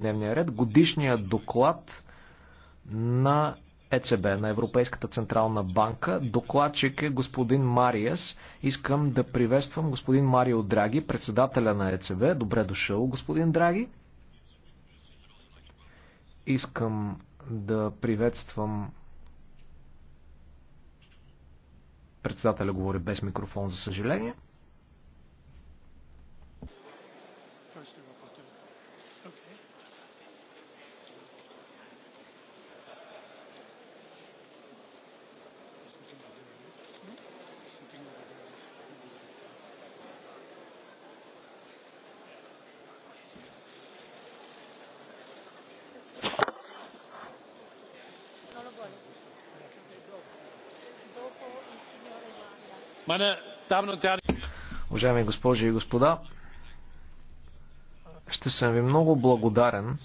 дневния ред годишния доклад на ЕЦБ, на Европейската Централна банка. Докладчик е господин Мариес. Искам да приветствам господин Марио Драги, председателя на ЕЦБ. Добре дошъл, господин Драги. Искам да приветствам председателя говори без микрофон, за съжаление. Уважаеми госпожи и господа, ще съм ви много благодарен,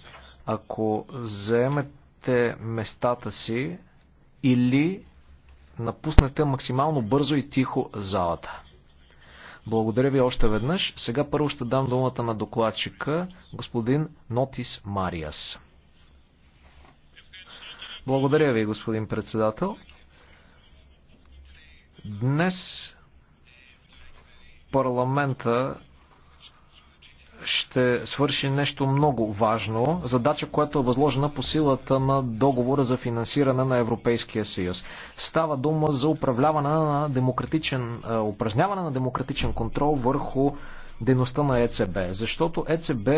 ако заемете местата си или напуснете максимално бързо и тихо залата. Благодаря ви още веднъж. Сега първо ще дам думата на докладчика, господин Нотис Мариас. Благодаря ви, господин председател. Днес парламента ще свърши нещо много важно, задача, която е възложена по силата на договора за финансиране на Европейския съюз. Става дума за управляване на демократичен, е, упражняване на демократичен контрол върху дейността на ЕЦБ, защото ЕЦБ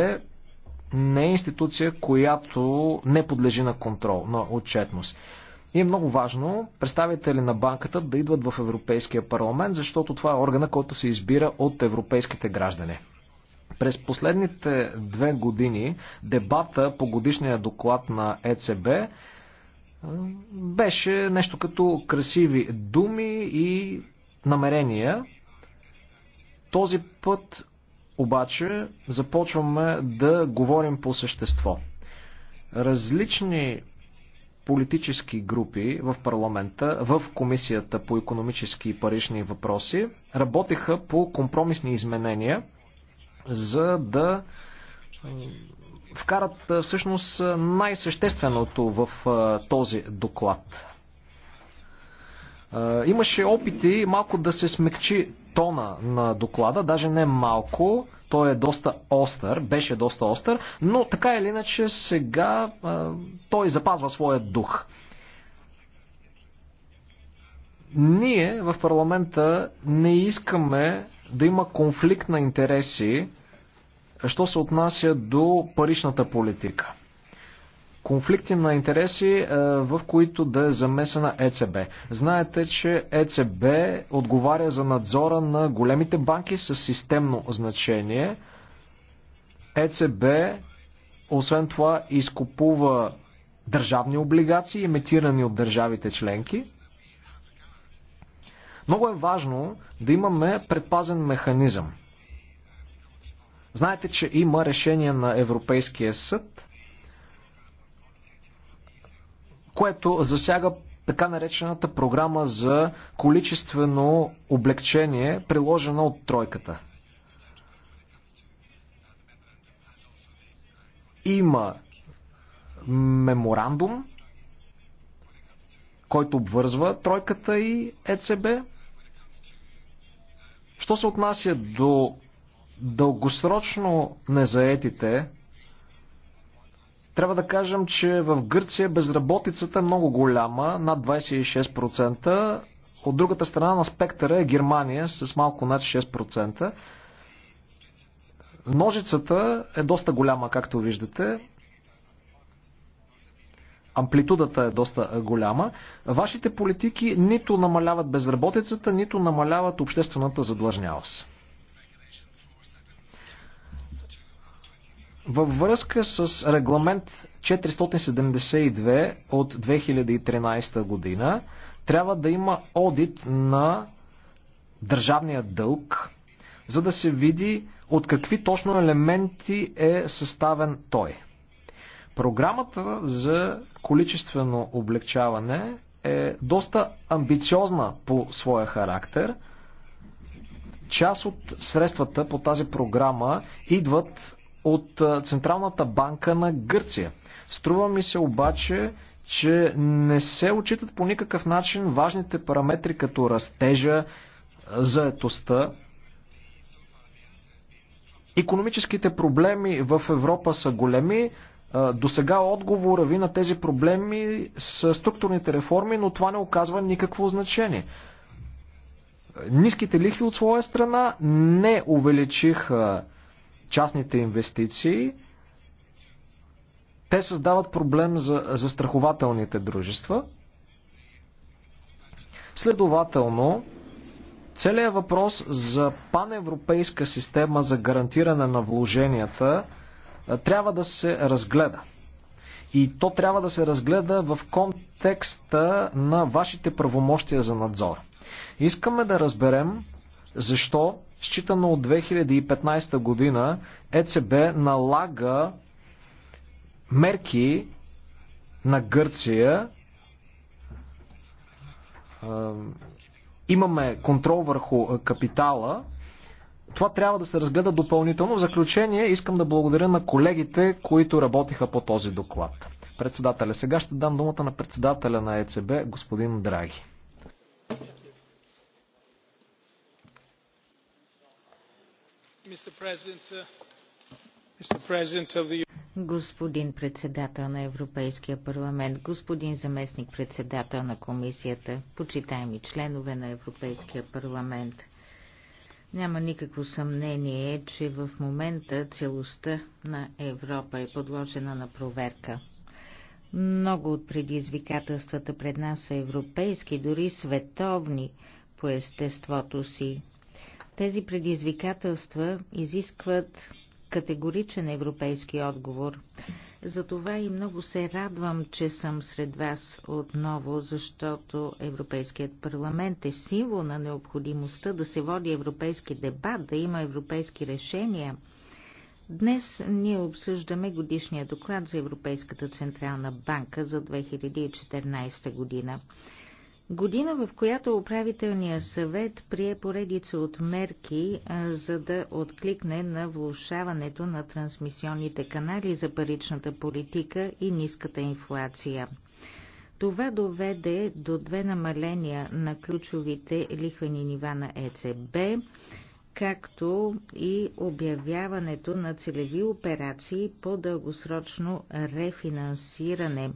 не е институция, която не подлежи на контрол, на отчетност. И е много важно представители на банката да идват в Европейския парламент, защото това е органа, който се избира от европейските граждани. През последните две години дебата по годишния доклад на ЕЦБ беше нещо като красиви думи и намерения. Този път обаче започваме да говорим по същество. Различни политически групи в парламента, в Комисията по економически и парични въпроси, работеха по компромисни изменения, за да вкарат всъщност най-същественото в този доклад. Имаше опити малко да се смекчи тона на доклада, даже не малко, той е доста остър, беше доста остър, но така или иначе сега той запазва своя дух. Ние в парламента не искаме да има конфликт на интереси, що се отнася до паричната политика конфликти на интереси, е, в които да е замесена ЕЦБ. Знаете, че ЕЦБ отговаря за надзора на големите банки с системно значение. ЕЦБ, освен това, изкупува държавни облигации, емитирани от държавите членки. Много е важно да имаме предпазен механизъм. Знаете, че има решение на Европейския съд – което засяга така наречената програма за количествено облегчение, приложена от тройката. Има меморандум, който обвързва тройката и ЕЦБ. Що се отнася до дългосрочно незаетите, трябва да кажем, че в Гърция безработицата е много голяма, над 26%. От другата страна на спектъра е Германия с малко над 6%. Ножицата е доста голяма, както виждате. Амплитудата е доста голяма. Вашите политики нито намаляват безработицата, нито намаляват обществената задлъжнявост. Във връзка с регламент 472 от 2013 година трябва да има одит на държавния дълг, за да се види от какви точно елементи е съставен той. Програмата за количествено облегчаване е доста амбициозна по своя характер. Част от средствата по тази програма идват от Централната банка на Гърция. Струва ми се обаче, че не се отчитат по никакъв начин важните параметри като растежа, заетостта. Економическите проблеми в Европа са големи. До сега отговора ви на тези проблеми са структурните реформи, но това не оказва никакво значение. Ниските лихви от своя страна не увеличиха частните инвестиции, те създават проблем за страхователните дружества. Следователно, целият въпрос за паневропейска система за гарантиране на вложенията трябва да се разгледа. И то трябва да се разгледа в контекста на вашите правомощия за надзор. Искаме да разберем защо Считано от 2015 година ЕЦБ налага мерки на Гърция. Имаме контрол върху капитала. Това трябва да се разгледа допълнително. В заключение искам да благодаря на колегите, които работиха по този доклад. Председателя. Сега ще дам думата на председателя на ЕЦБ, господин Драги. Uh, господин председател на Европейския парламент, господин заместник председател на комисията, почитаеми членове на Европейския парламент, няма никакво съмнение, че в момента целостта на Европа е подложена на проверка. Много от предизвикателствата пред нас са европейски, дори световни по естеството си. Тези предизвикателства изискват категоричен европейски отговор. Затова и много се радвам, че съм сред вас отново, защото Европейският парламент е символ на необходимостта да се води европейски дебат, да има европейски решения. Днес ние обсъждаме годишния доклад за Европейската Централна банка за 2014 година. Година, в която управителният съвет прие поредица от мерки, за да откликне на влушаването на трансмисионните канали за паричната политика и ниската инфлация. Това доведе до две намаления на ключовите лихвени нива на ЕЦБ, както и обявяването на целеви операции по дългосрочно рефинансиране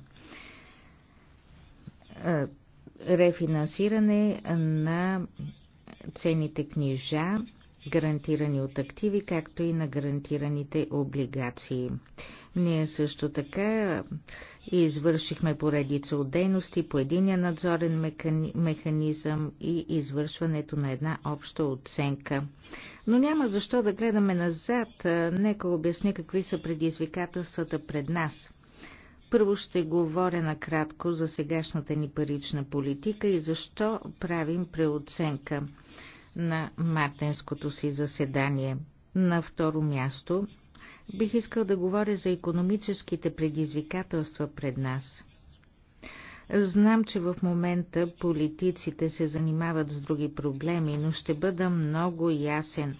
рефинансиране на ценните книжа, гарантирани от активи, както и на гарантираните облигации. Ние също така извършихме поредица от дейности по единия надзорен механизъм и извършването на една обща оценка. Но няма защо да гледаме назад. Нека обясня какви са предизвикателствата пред нас. Първо ще говоря накратко за сегашната ни парична политика и защо правим преоценка на мартенското си заседание. На второ място бих искал да говоря за економическите предизвикателства пред нас. Знам, че в момента политиците се занимават с други проблеми, но ще бъда много ясен.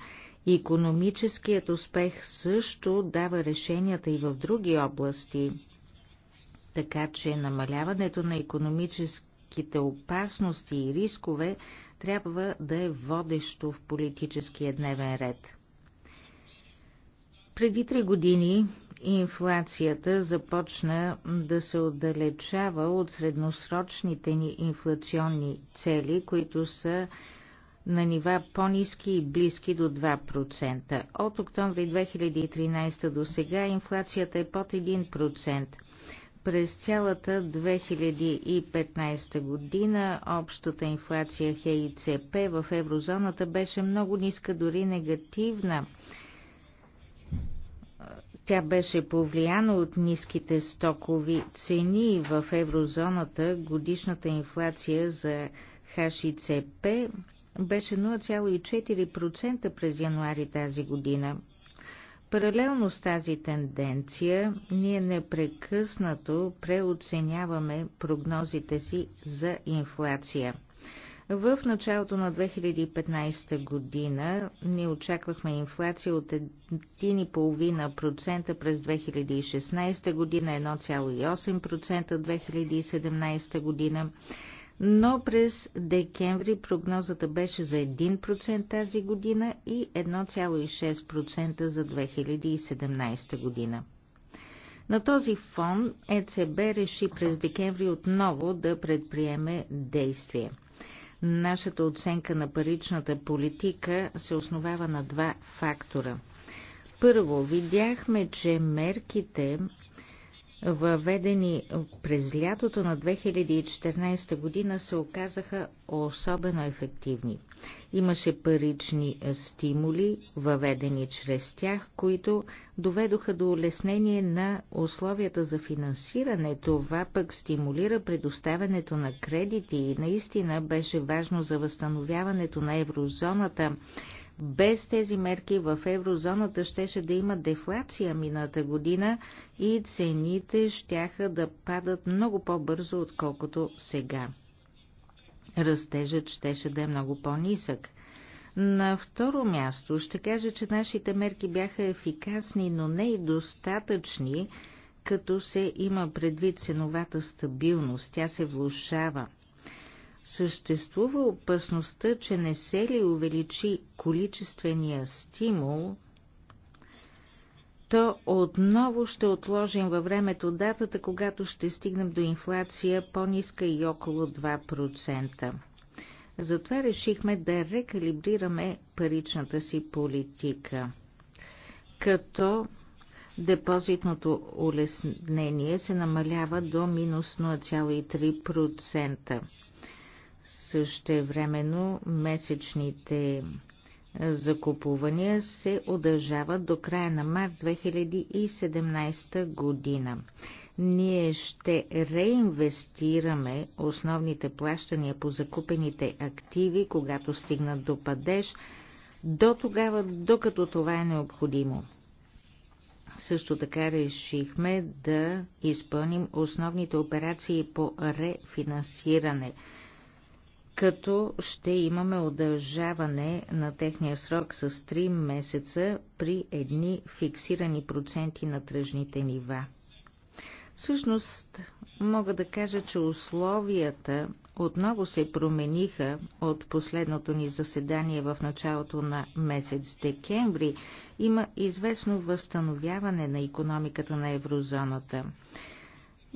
Економическият успех също дава решенията и в други области. Така че намаляването на економическите опасности и рискове трябва да е водещо в политическия дневен ред. Преди три години инфлацията започна да се отдалечава от средносрочните ни инфлационни цели, които са на нива по-низки и близки до 2%. От октомври 2013 до сега инфлацията е под 1%. През цялата 2015 година общата инфлация ХИЦП в еврозоната беше много ниска, дори негативна. Тя беше повлияна от ниските стокови цени в еврозоната. Годишната инфлация за ХИЦП беше 0,4% през януари тази година. Паралелно с тази тенденция, ние непрекъснато преоценяваме прогнозите си за инфлация. В началото на 2015 година ни очаквахме инфлация от 1,5% през 2016 година, 1,8% 2017 година но през декември прогнозата беше за 1% тази година и 1,6% за 2017 година. На този фон ЕЦБ реши през декември отново да предприеме действие. Нашата оценка на паричната политика се основава на два фактора. Първо, видяхме, че мерките въведени през лятото на 2014 година, се оказаха особено ефективни. Имаше парични стимули, въведени чрез тях, които доведоха до улеснение на условията за финансиране. Това пък стимулира предоставянето на кредити и наистина беше важно за възстановяването на еврозоната без тези мерки в еврозоната щеше да има дефлация мината година и цените щяха да падат много по-бързо, отколкото сега. Растежът щеше да е много по-нисък. На второ място ще кажа, че нашите мерки бяха ефикасни, но не и достатъчни, като се има предвид ценовата стабилност. Тя се влушава. Съществува опасността, че не се ли увеличи количествения стимул, то отново ще отложим във времето датата, когато ще стигнем до инфлация по-ниска и около 2%. Затова решихме да рекалибрираме паричната си политика. Като депозитното улеснение се намалява до минус 0,3%. Същевременно месечните закупувания се удължават до края на март 2017 година. Ние ще реинвестираме основните плащания по закупените активи, когато стигнат до падеж, до тогава, докато това е необходимо. Също така решихме да изпълним основните операции по рефинансиране – като ще имаме удължаване на техния срок с 3 месеца при едни фиксирани проценти на тръжните нива. Всъщност, мога да кажа, че условията отново се промениха от последното ни заседание в началото на месец декември. Има известно възстановяване на економиката на еврозоната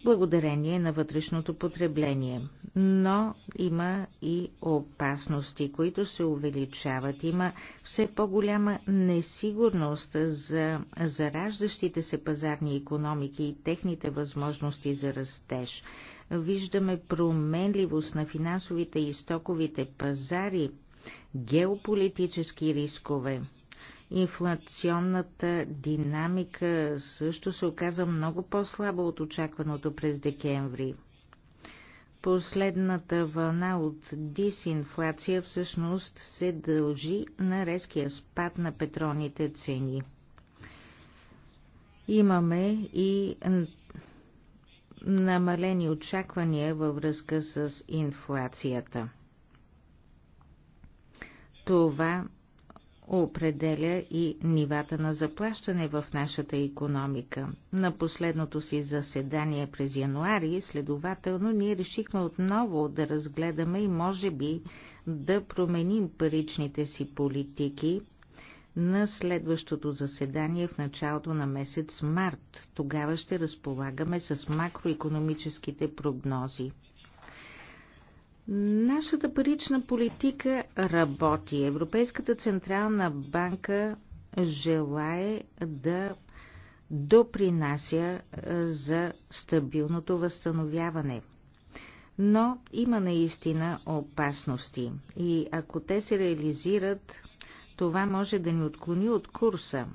благодарение на вътрешното потребление. Но има и опасности, които се увеличават. Има все по-голяма несигурност за зараждащите се пазарни економики и техните възможности за растеж. Виждаме променливост на финансовите и стоковите пазари, геополитически рискове, Инфлационната динамика също се оказа много по-слаба от очакваното през декември. Последната вълна от дисинфлация всъщност се дължи на резкия спад на петролните цени. Имаме и намалени очаквания във връзка с инфлацията. Това определя и нивата на заплащане в нашата економика. На последното си заседание през януари, следователно, ние решихме отново да разгледаме и може би да променим паричните си политики на следващото заседание в началото на месец март. Тогава ще разполагаме с макроекономическите прогнози. Нашата парична политика работи. Европейската централна банка желае да допринася за стабилното възстановяване. Но има наистина опасности и ако те се реализират, това може да ни отклони от курса.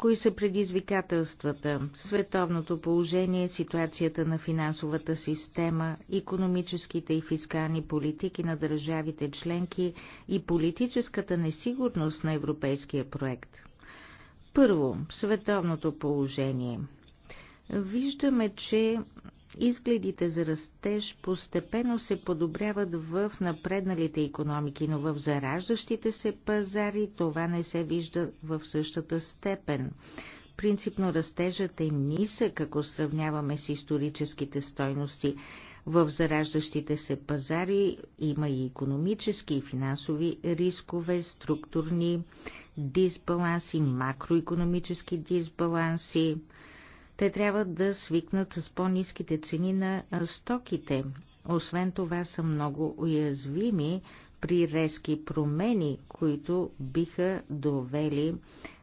Кои са предизвикателствата? Световното положение, ситуацията на финансовата система, економическите и фискални политики на държавите членки и политическата несигурност на европейския проект. Първо, световното положение. Виждаме, че Изгледите за растеж постепенно се подобряват в напредналите економики, но в зараждащите се пазари това не се вижда в същата степен. Принципно растежът е нисък, ако сравняваме с историческите стойности. В зараждащите се пазари има и економически и финансови рискове, структурни дисбаланси, макроекономически дисбаланси. Те трябва да свикнат с по-низките цени на стоките. Освен това са много уязвими при резки промени, които биха довели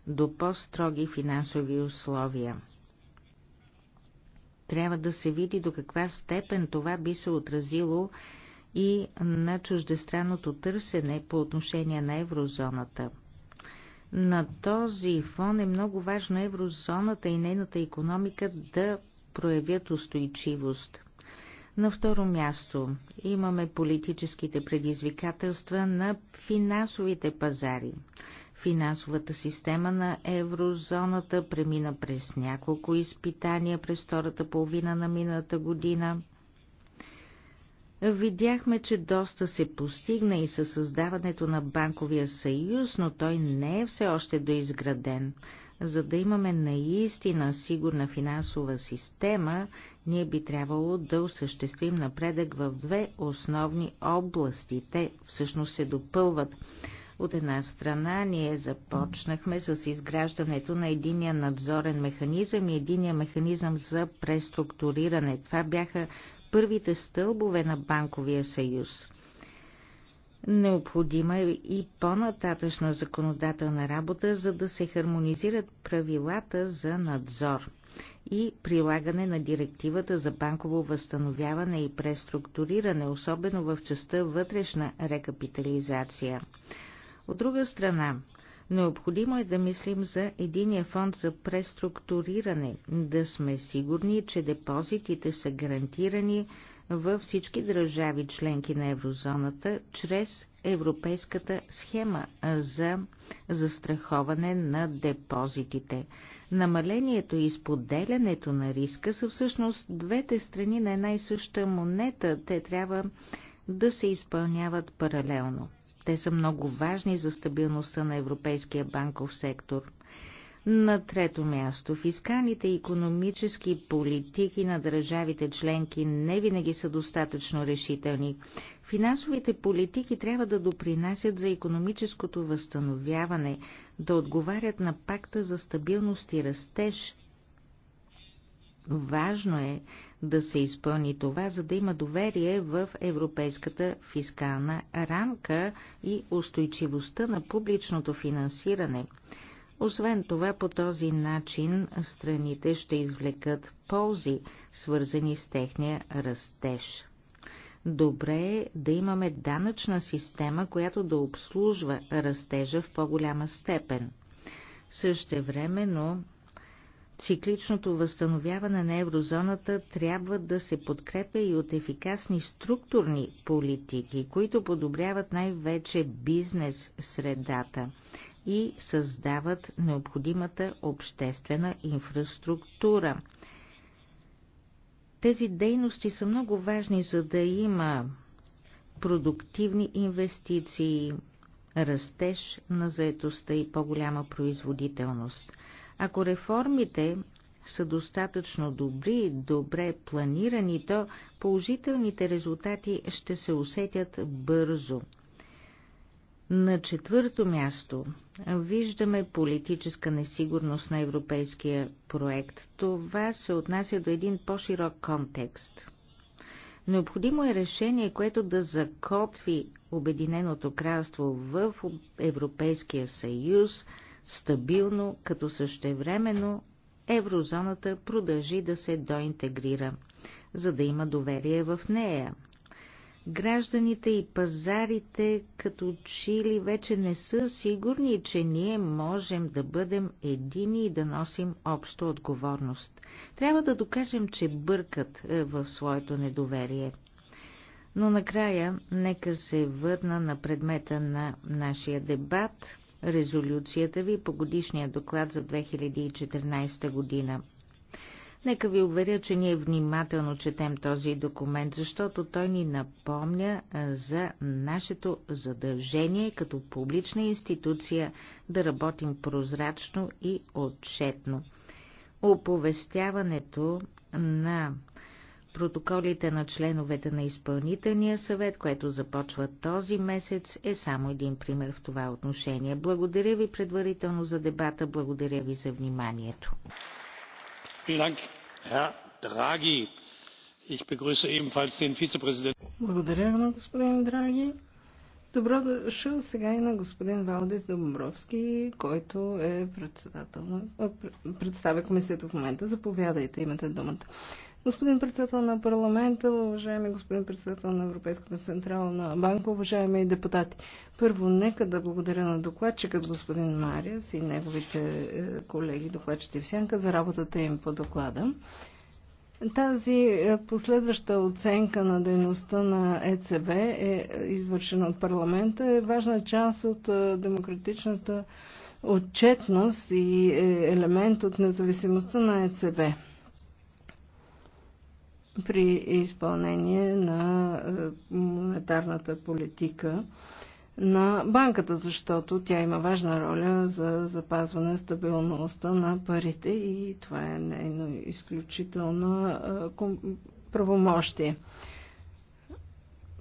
до по-строги финансови условия. Трябва да се види до каква степен това би се отразило и на чуждестранното търсене по отношение на еврозоната. На този фон е много важно еврозоната и нейната економика да проявят устойчивост. На второ място имаме политическите предизвикателства на финансовите пазари. Финансовата система на еврозоната премина през няколко изпитания през втората половина на миналата година – Видяхме, че доста се постигна и със създаването на банковия съюз, но той не е все още доизграден. За да имаме наистина сигурна финансова система, ние би трябвало да осъществим напредък в две основни области. Те всъщност се допълват. От една страна ние започнахме с изграждането на единия надзорен механизъм и единия механизъм за преструктуриране. Това бяха първите стълбове на Банковия съюз. Необходима е и по-нататъчна законодателна работа, за да се хармонизират правилата за надзор и прилагане на директивата за банково възстановяване и преструктуриране, особено в частта вътрешна рекапитализация. От друга страна, Необходимо е да мислим за единия фонд за преструктуриране, да сме сигурни, че депозитите са гарантирани във всички държави членки на еврозоната чрез европейската схема за застраховане на депозитите. Намалението и споделянето на риска са всъщност двете страни на една и съща монета. Те трябва да се изпълняват паралелно. Те са много важни за стабилността на европейския банков сектор. На трето място, фискалните и економически политики на държавите членки не винаги са достатъчно решителни. Финансовите политики трябва да допринасят за економическото възстановяване, да отговарят на пакта за стабилност и растеж Важно е да се изпълни това, за да има доверие в европейската фискална рамка и устойчивостта на публичното финансиране. Освен това, по този начин страните ще извлекат ползи, свързани с техния растеж. Добре е да имаме данъчна система, която да обслужва растежа в по-голяма степен. Същевременно Цикличното възстановяване на еврозоната трябва да се подкрепя и от ефикасни структурни политики, които подобряват най-вече бизнес средата и създават необходимата обществена инфраструктура. Тези дейности са много важни, за да има продуктивни инвестиции, растеж на заетостта и по-голяма производителност – ако реформите са достатъчно добри, добре планирани, то положителните резултати ще се усетят бързо. На четвърто място виждаме политическа несигурност на европейския проект. Това се отнася до един по-широк контекст. Необходимо е решение, което да закотви Обединеното кралство в Европейския съюз – стабилно, като същевременно еврозоната продължи да се доинтегрира, за да има доверие в нея. Гражданите и пазарите като чили вече не са сигурни, че ние можем да бъдем едини и да носим обща отговорност. Трябва да докажем, че бъркат е, в своето недоверие. Но накрая, нека се върна на предмета на нашия дебат – резолюцията ви по годишния доклад за 2014 година. Нека ви уверя, че ние внимателно четем този документ, защото той ни напомня за нашето задължение като публична институция да работим прозрачно и отчетно. Оповестяването на Протоколите на членовете на изпълнителния съвет, което започва този месец, е само един пример в това отношение. Благодаря ви предварително за дебата, благодаря ви за вниманието. Благодаря на господин Драги. Добро дошъл сега и на господин Валдис Добровски, който е председател на... Представя комисията в момента. Заповядайте, имате думата. Господин председател на парламента, уважаеми господин председател на Европейската централна банка, уважаеми депутати. Първо, нека да благодаря на докладчикът господин Мариас и неговите е, колеги докладчици в Сянка за работата им по доклада. Тази е, последваща оценка на дейността на ЕЦБ, е извършена от парламента, е важна част от е, демократичната отчетност и елемент от независимостта на ЕЦБ при изпълнение на е, монетарната политика на банката, защото тя има важна роля за запазване стабилността на парите и това е нейно изключително е, правомощие.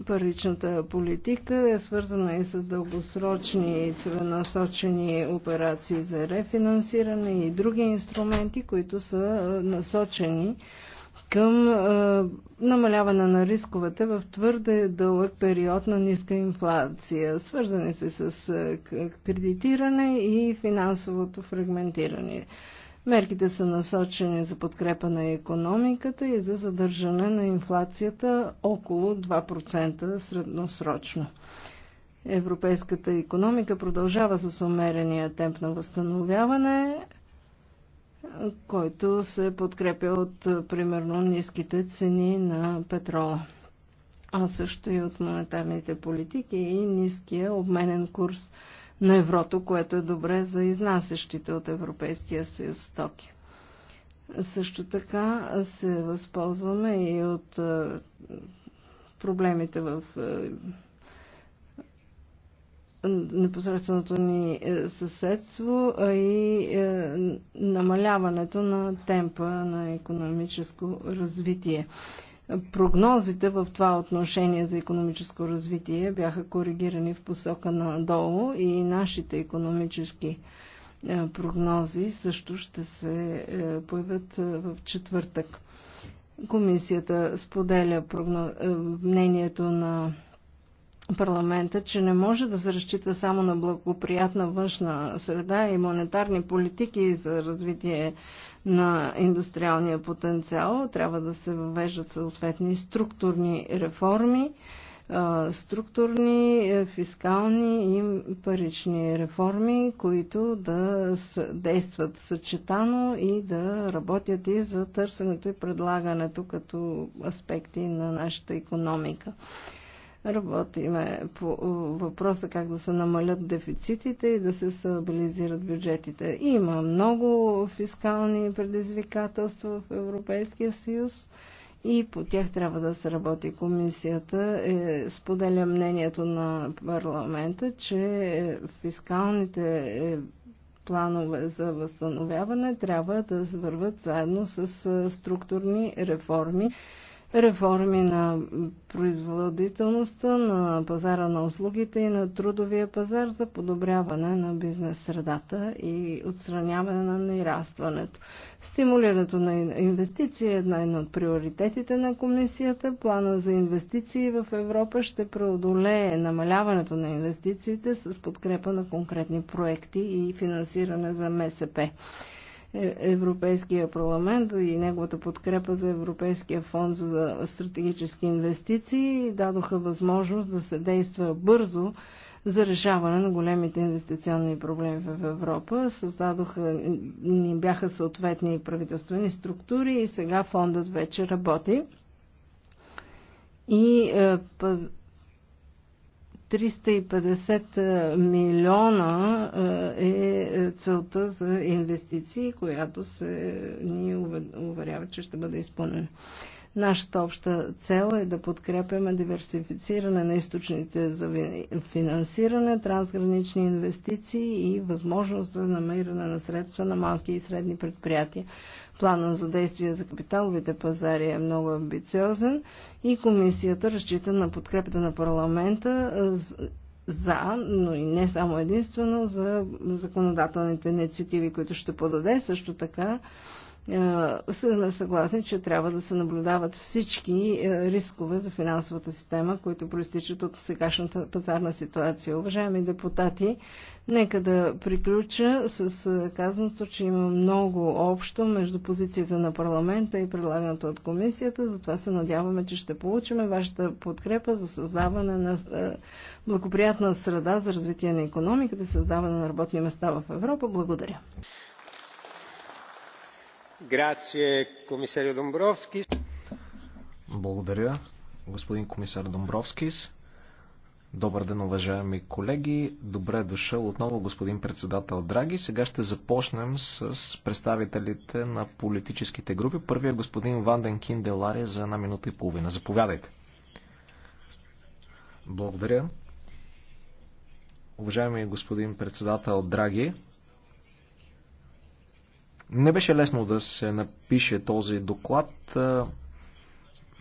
Първичната политика е свързана и с дългосрочни и целенасочени операции за рефинансиране и други инструменти, които са е, насочени към а, намаляване на рисковете в твърде дълъг период на ниска инфлация, свързани се с а, кредитиране и финансовото фрагментиране. Мерките са насочени за подкрепа на економиката и за задържане на инфлацията около 2% средносрочно. Европейската економика продължава с умерения темп на възстановяване, който се подкрепя от е, примерно ниските цени на петрола, а също и от монетарните политики и ниския обменен курс на еврото, което е добре за изнасящите от Европейския съюз стоки. Също така се възползваме и от е, проблемите в е, непосредственото ни е, съседство, а и е, намаляването на темпа на економическо развитие. Прогнозите в това отношение за економическо развитие бяха коригирани в посока надолу и нашите економически е, прогнози също ще се появят в четвъртък. Комисията споделя мнението на парламента, че не може да се разчита само на благоприятна външна среда и монетарни политики за развитие на индустриалния потенциал. Трябва да се въвеждат съответни структурни реформи, структурни, е, фискални и парични реформи, които да действат съчетано и да работят и за търсенето и предлагането като аспекти на нашата економика. Работиме по е, въпроса как да се намалят дефицитите и да се стабилизират бюджетите. Има много фискални предизвикателства в Европейския съюз и по тях трябва да се работи. Комисията е, споделя мнението на парламента, че е, фискалните планове за възстановяване трябва да върват заедно с структурни реформи реформи на производителността, на пазара на услугите и на трудовия пазар за подобряване на бизнес средата и отстраняване на нерастването. Стимулирането на инвестиции е една от приоритетите на комисията. Плана за инвестиции в Европа ще преодолее намаляването на инвестициите с подкрепа на конкретни проекти и финансиране за МСП. Е, Европейския парламент и неговата подкрепа за Европейския фонд за стратегически инвестиции дадоха възможност да се действа бързо за решаване на големите инвестиционни проблеми в Европа. Създадоха, ни бяха съответни правителствени структури и сега фондът вече работи. И е, 350 милиона е, е целта за инвестиции, която се ни уверява, че ще бъде изпълнена. Нашата обща цел е да подкрепяме диверсифициране на източните за финансиране, трансгранични инвестиции и възможност за намиране на средства на малки и средни предприятия. Планът за действие за капиталовите пазари е много амбициозен и комисията разчита на подкрепата на парламента за, но и не само единствено за законодателните инициативи, които ще подаде. Също така е, са съгласни, че трябва да се наблюдават всички е, рискове за финансовата система, които проистичат от сегашната пазарна ситуация. Уважаеми депутати, нека да приключа с е, казаното, че има много общо между позицията на парламента и предлаганата от комисията. Затова се надяваме, че ще получим вашата подкрепа за създаване на благоприятна среда за развитие на економиката и създаване на работни места в Европа. Благодаря. Благодаря, господин комисар Домбровскис. Добър ден, уважаеми колеги. Добре дошъл отново господин председател Драги. Сега ще започнем с представителите на политическите групи. Първият е господин Ванден Кинделари за една минута и половина. Заповядайте. Благодаря. Уважаеми господин председател Драги, не беше лесно да се напише този доклад.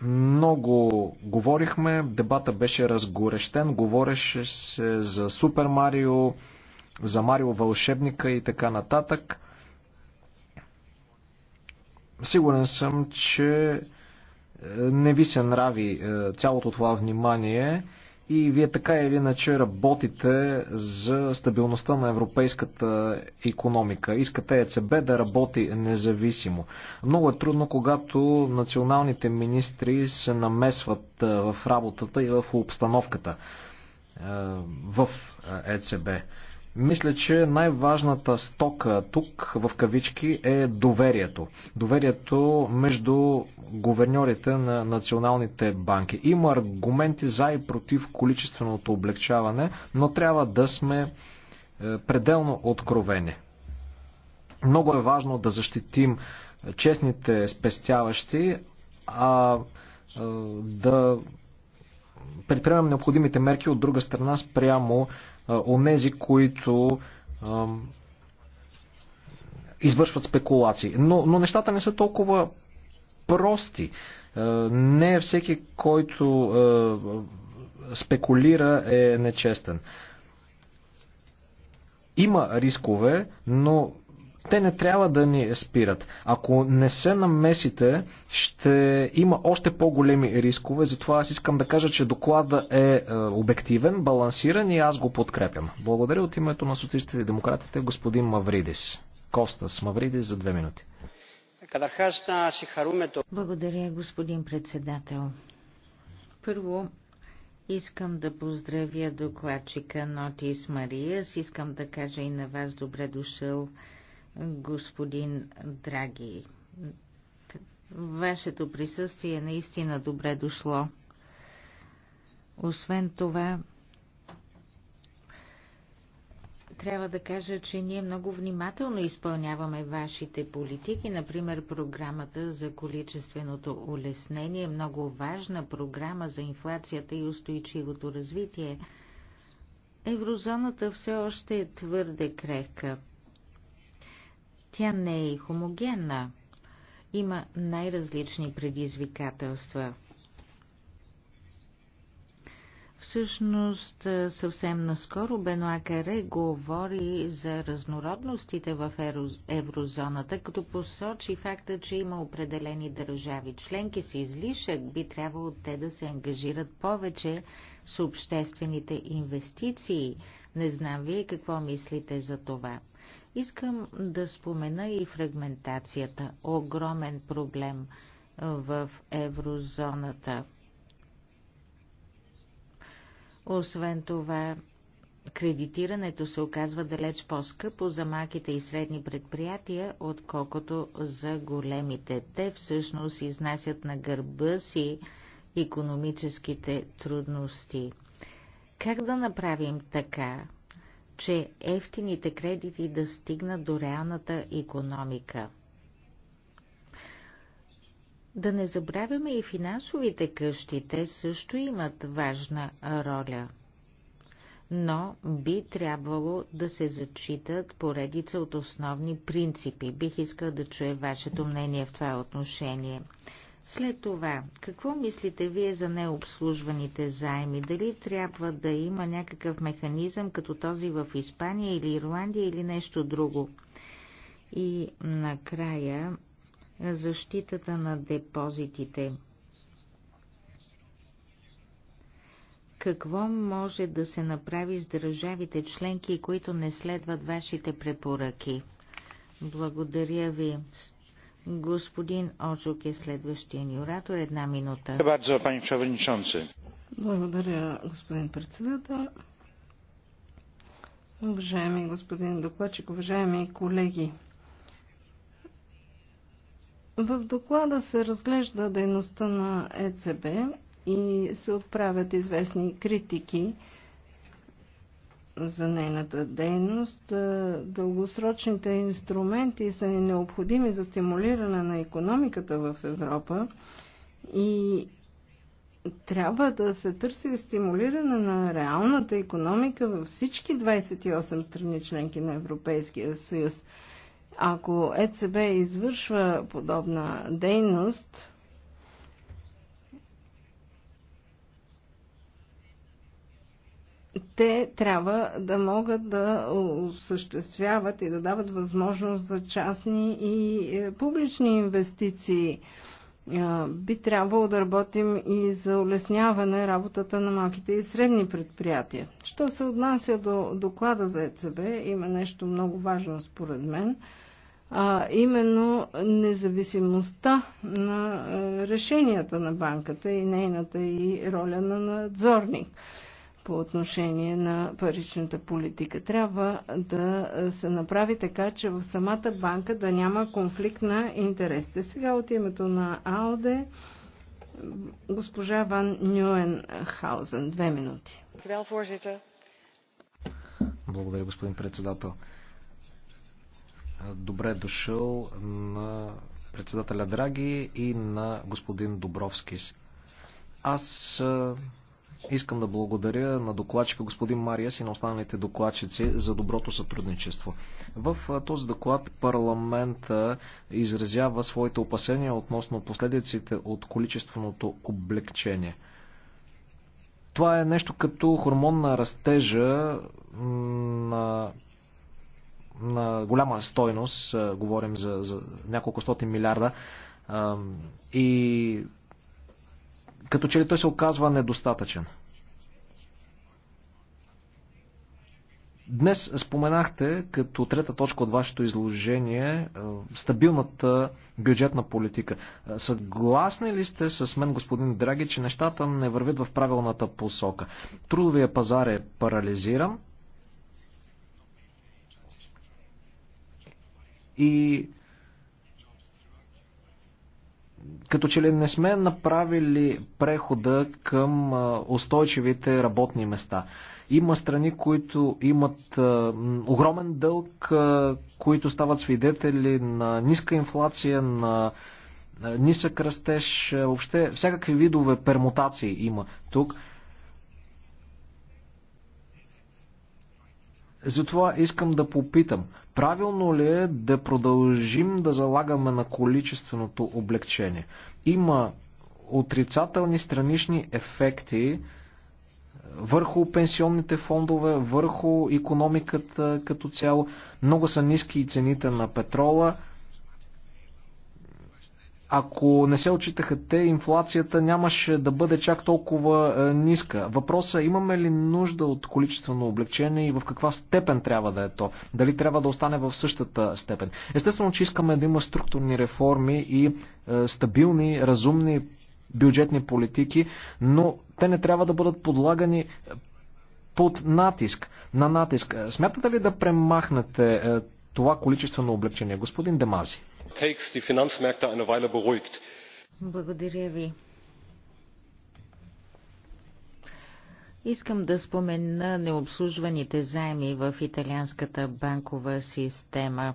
Много говорихме, дебата беше разгорещен, говореше се за Супер Марио, за Марио Вълшебника и така нататък. Сигурен съм, че е, не ви се нрави е, цялото това внимание и вие така или иначе работите за стабилността на европейската економика. Искате ЕЦБ да работи независимо. Много е трудно, когато националните министри се намесват в работата и в обстановката в ЕЦБ. Мисля, че най-важната стока тук в кавички е доверието. Доверието между говерньорите на националните банки. Има аргументи за и против количественото облегчаване, но трябва да сме е, пределно откровени. Много е важно да защитим честните спестяващи, а е, да предприемем необходимите мерки от друга страна спрямо онези, които извършват спекулации. Но, но нещата не са толкова прости. Не всеки, който спекулира, е нечестен. Има рискове, но те не трябва да ни спират. Ако не се намесите, ще има още по-големи рискове. Затова аз искам да кажа, че доклада е, е обективен, балансиран и аз го подкрепям. Благодаря от името на социалистите и демократите господин Мавридис. Костас Мавридис за две минути. Благодаря, господин председател. Първо, Искам да поздравя докладчика Нотис Мария. Искам да кажа и на вас добре дошъл господин Драги. Вашето присъствие наистина добре дошло. Освен това, трябва да кажа, че ние много внимателно изпълняваме вашите политики, например програмата за количественото улеснение, много важна програма за инфлацията и устойчивото развитие. Еврозоната все още е твърде крехка. Тя не е и хомогенна. Има най-различни предизвикателства. Всъщност, съвсем наскоро Бенуа Каре говори за разнородностите в еврозоната, като посочи факта, че има определени държави членки с излишък, би трябвало те да се ангажират повече с обществените инвестиции. Не знам вие какво мислите за това. Искам да спомена и фрагментацията. Огромен проблем в еврозоната. Освен това, кредитирането се оказва далеч по-скъпо за малките и средни предприятия, отколкото за големите. Те всъщност изнасят на гърба си економическите трудности. Как да направим така, че ефтините кредити да стигнат до реалната економика. Да не забравяме и финансовите къщи, те също имат важна роля. Но би трябвало да се зачитат поредица от основни принципи. Бих искал да чуя вашето мнение в това отношение. След това, какво мислите вие за необслужваните заеми? Дали трябва да има някакъв механизъм като този в Испания или Ирландия или нещо друго? И накрая защитата на депозитите. Какво може да се направи с държавите членки, които не следват вашите препоръки? Благодаря ви. Господин Оджук е следващия ни оратор. Една минута. Благодаря, господин председател. Уважаеми господин докладчик, уважаеми колеги, в доклада се разглежда дейността на ЕЦБ и се отправят известни критики за нейната дейност. Е, дългосрочните инструменти са ни необходими за стимулиране на економиката в Европа и трябва да се търси стимулиране на реалната економика във всички 28 страни членки на Европейския съюз. Ако ЕЦБ извършва подобна дейност, те трябва да могат да осъществяват и да дават възможност за частни и е, публични инвестиции. Е, би трябвало да работим и за улесняване работата на малките и средни предприятия. Що се отнася до доклада за ЕЦБ, има нещо много важно според мен, а именно независимостта на е, решенията на банката и нейната и роля на надзорник по отношение на паричната политика. Трябва да се направи така, че в самата банка да няма конфликт на интересите. Сега от името на АОДЕ госпожа Ван Нюенхаузен. Две минути. Благодаря, господин председател. Добре дошъл на председателя Драги и на господин Добровски. Аз Искам да благодаря на докладчика господин Мариас и на останалите докладчици за доброто сътрудничество. В този доклад парламента изразява своите опасения относно последиците от количественото облегчение. Това е нещо като хормон на растежа на, на голяма стойност, говорим за, за няколко стоти милиарда, и като че ли той се оказва недостатъчен. Днес споменахте като трета точка от вашето изложение е, стабилната бюджетна политика. Е, съгласни ли сте с мен, господин Драги, че нещата не вървят в правилната посока? Трудовия пазар е парализиран и като че ли не сме направили прехода към устойчивите работни места. Има страни, които имат огромен дълг, които стават свидетели на ниска инфлация, на нисък растеж, въобще всякакви видове пермутации има тук. Затова искам да попитам, правилно ли е да продължим да залагаме на количественото облегчение? Има отрицателни странични ефекти е, върху пенсионните фондове, върху економиката като цяло. Много са ниски и цените на петрола, ако не се отчитаха те, инфлацията нямаше да бъде чак толкова е, ниска. Въпросът е, имаме ли нужда от количествено облегчение и в каква степен трябва да е то? Дали трябва да остане в същата степен? Естествено, че искаме да има структурни реформи и е, стабилни, разумни бюджетни политики, но те не трябва да бъдат подлагани е, под натиск, на натиск. Смятате ли да премахнете е, това количествено облегчение. Господин Демази. Е Благодаря ви. Искам да спомена необслужваните заеми в италианската банкова система.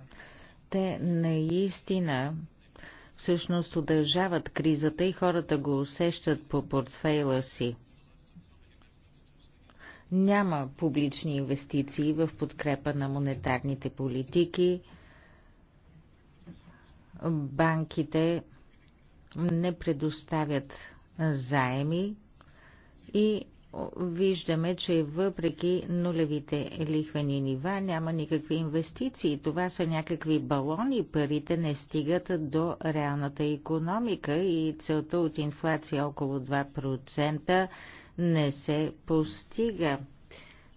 Те наистина всъщност удържават кризата и хората го усещат по портфейла си. Няма публични инвестиции в подкрепа на монетарните политики. Банките не предоставят заеми и виждаме, че въпреки нулевите лихвени нива няма никакви инвестиции. Това са някакви балони, парите не стигат до реалната економика и целта от инфлация е около 2% не се постига.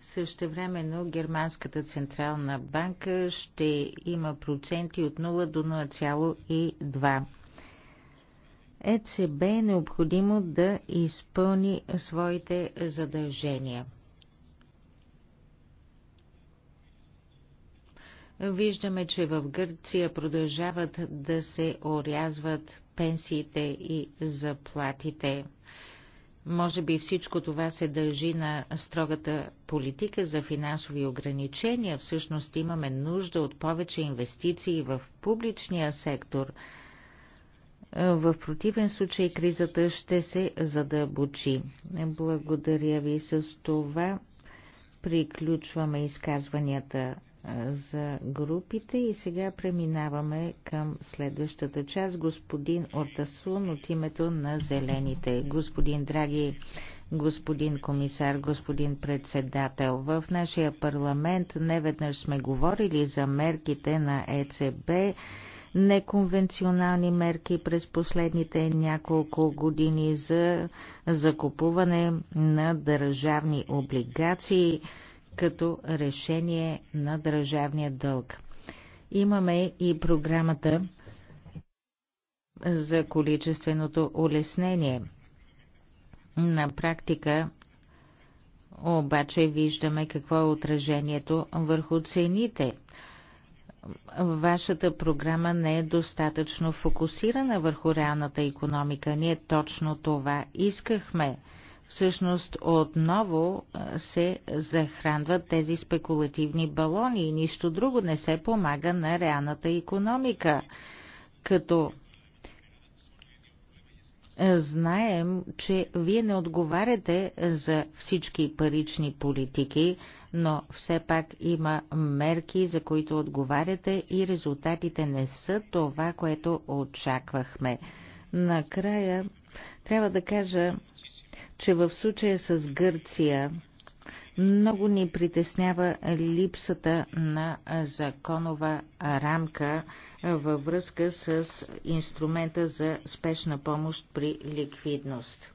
Също времено Германската централна банка ще има проценти от 0 до 0,2. ЕЦБ е необходимо да изпълни своите задължения. Виждаме, че в Гърция продължават да се орязват пенсиите и заплатите. Може би всичко това се дължи на строгата политика за финансови ограничения. Всъщност имаме нужда от повече инвестиции в публичния сектор. В противен случай кризата ще се задълбочи. Благодаря ви с това. Приключваме изказванията за групите и сега преминаваме към следващата част. Господин Ортасун от името на Зелените. Господин Драги, господин комисар, господин председател. В нашия парламент неведнъж сме говорили за мерките на ЕЦБ, неконвенционални мерки през последните няколко години за закупуване на държавни облигации – като решение на държавния дълг. Имаме и програмата за количественото улеснение. На практика обаче виждаме какво е отражението върху цените. Вашата програма не е достатъчно фокусирана върху реалната економика. Ние точно това искахме всъщност отново се захранват тези спекулативни балони и нищо друго не се помага на реалната економика. Като знаем, че вие не отговаряте за всички парични политики, но все пак има мерки, за които отговаряте и резултатите не са това, което очаквахме. Накрая трябва да кажа, че в случая с Гърция много ни притеснява липсата на законова рамка във връзка с инструмента за спешна помощ при ликвидност.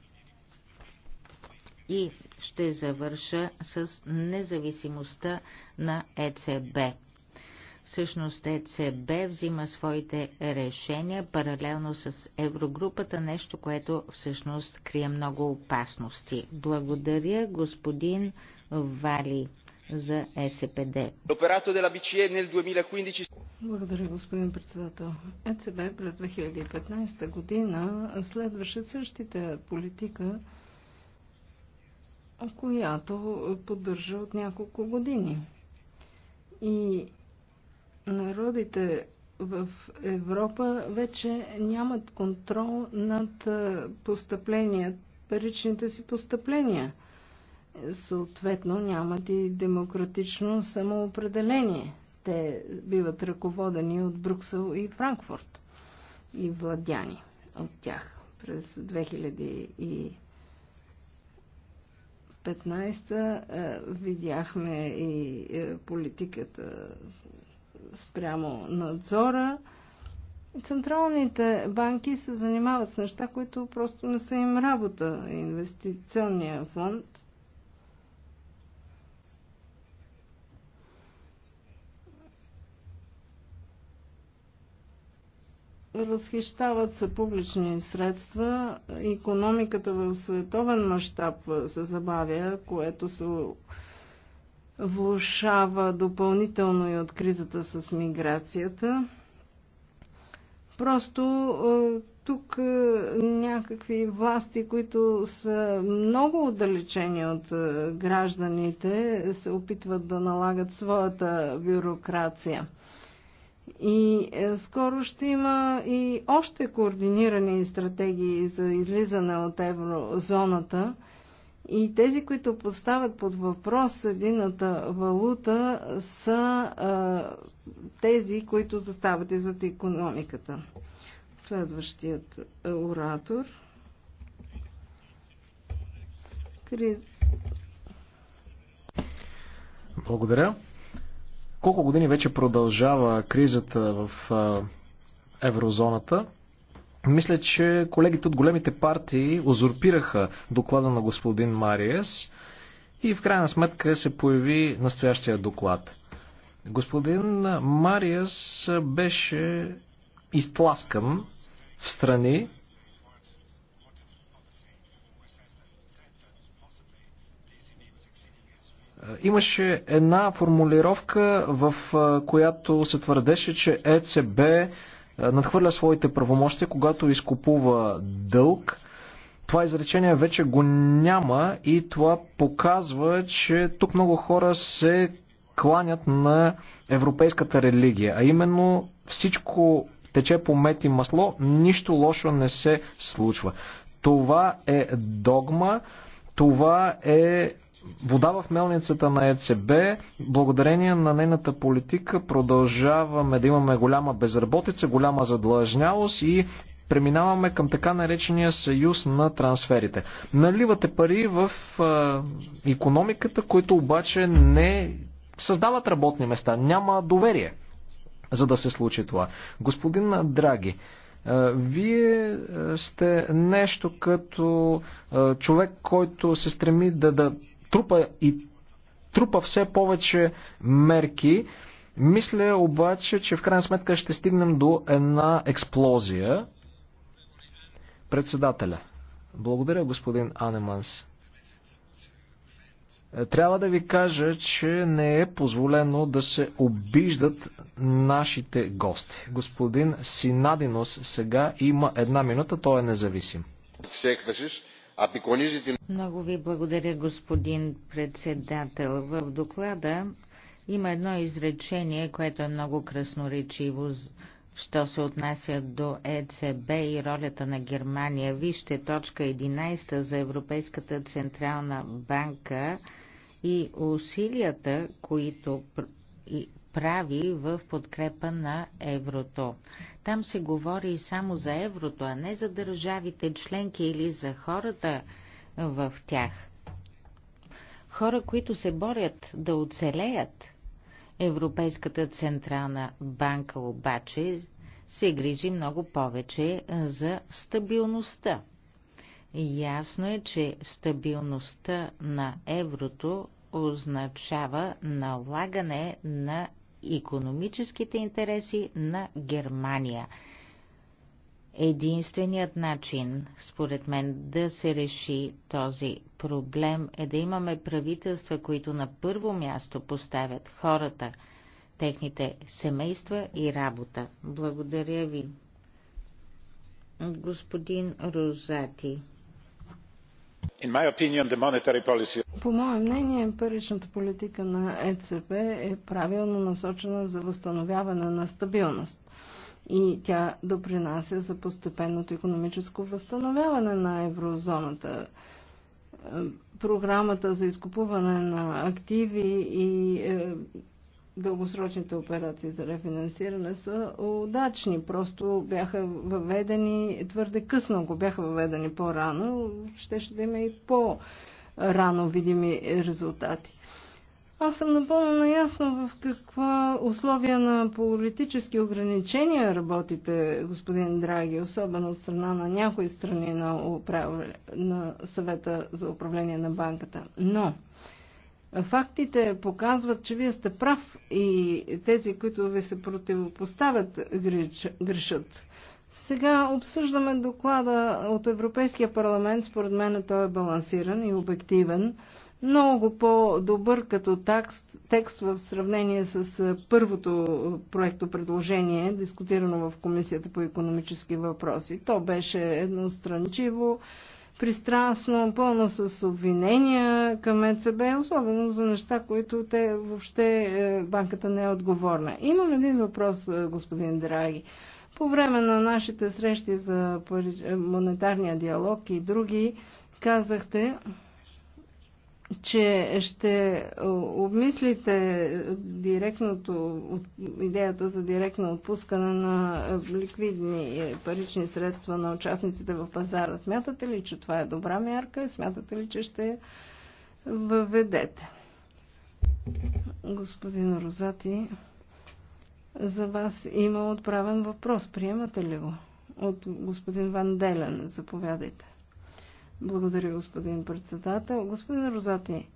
И ще завърша с независимостта на ЕЦБ. Всъщност ЕЦБ взима своите решения паралелно с Еврогрупата, нещо, което всъщност крие много опасности. Благодаря господин Вали за СПД. E Благодаря, господин председател. ЕЦБ през 2015 година следваше същите политика, която поддържа от няколко години. И народите в Европа вече нямат контрол над постъпления, паричните си постъпления. Съответно нямат и демократично самоопределение. Те биват ръководени от Брюксел и Франкфурт и владяни от тях. През 2015 видяхме и политиката спрямо надзора. Централните банки се занимават с неща, които просто не са им работа. Инвестиционния фонд. Разхищават се публични средства, економиката в световен мащаб се забавя, което се влушава допълнително и от кризата с миграцията. Просто е, тук е, някакви власти, които са много отдалечени от е, гражданите, се опитват да налагат своята бюрокрация. И скоро ще има и още координирани стратегии за излизане от еврозоната – и тези, които поставят под въпрос едината валута, са а, тези, които застават и зад економиката. Следващият е, оратор. Криз. Благодаря. Колко години вече продължава кризата в еврозоната? Мисля, че колегите от големите партии узурпираха доклада на господин Мариес и в крайна сметка се появи настоящия доклад. Господин Мариас беше изтласкан в страни, Имаше една формулировка, в която се твърдеше, че ЕЦБ е, надхвърля своите правомощи, когато изкупува дълг. Това изречение вече го няма и това показва, че тук много хора се кланят на европейската религия, а именно всичко тече по мет и масло, нищо лошо не се случва. Това е догма, това е вода в мелницата на ЕЦБ. Благодарение на нейната политика продължаваме да имаме голяма безработица, голяма задлъжнялост и преминаваме към така наречения съюз на трансферите. Наливате пари в е, економиката, които обаче не създават работни места. Няма доверие, за да се случи това. Господин Драги, вие сте нещо като човек, който се стреми да, да трупа и трупа все повече мерки. Мисля обаче, че в крайна сметка ще стигнем до една експлозия. Председателя. Благодаря, господин Анеманс. Трябва да ви кажа, че не е позволено да се обиждат нашите гости. Господин Синадинос сега има една минута, той е независим. С много ви благодаря, господин председател. В доклада има едно изречение, което е много красноречиво, що се отнася до ЕЦБ и ролята на Германия. Вижте точка 11 за Европейската Централна банка и усилията, които прави в подкрепа на еврото. Там се говори само за еврото, а не за държавите членки или за хората в тях. Хора, които се борят да оцелеят. Европейската централна банка обаче се грижи много повече за стабилността. Ясно е, че стабилността на еврото означава налагане на економическите интереси на Германия. Единственият начин, според мен, да се реши този проблем е да имаме правителства, които на първо място поставят хората, техните семейства и работа. Благодаря ви. Господин Розати. По мое мнение, паричната политика на ЕЦБ е правилно насочена за възстановяване на стабилност. И тя допринася за постепенното економическо възстановяване на еврозоната. Е, програмата за изкупуване на активи и е, дългосрочните операции за рефинансиране са удачни. Просто бяха въведени твърде късно, ако бяха въведени по-рано, ще ще да има и по-рано видими резултати. Аз съм напълно наясно в каква условия на политически ограничения работите, господин Драги, особено от страна на някои страни на, управ... на съвета за управление на банката. Но Фактите показват, че вие сте прав и тези, които ви се противопоставят, грешат. Сега обсъждаме доклада от Европейския парламент. Според мен той е балансиран и обективен. Много по-добър като такст, текст в сравнение с първото проекто предложение, дискутирано в Комисията по економически въпроси. То беше едностранчиво пристрастно, пълно с обвинения към ЕЦБ, особено за неща, които те въобще е, банката не е отговорна. Имам един въпрос, е, господин Драги. По време на нашите срещи за е, монетарния диалог и други, казахте, че ще е, обмислите директното, идеята за директно отпускане на е, ликвидни парични средства на участниците в пазара. Смятате ли, че това е добра мярка и смятате ли, че ще въведете? Господин Розати, за вас има отправен въпрос. Приемате ли го? От господин Ван Делен. Заповядайте. Благодаря, господин председател. Господин Розати,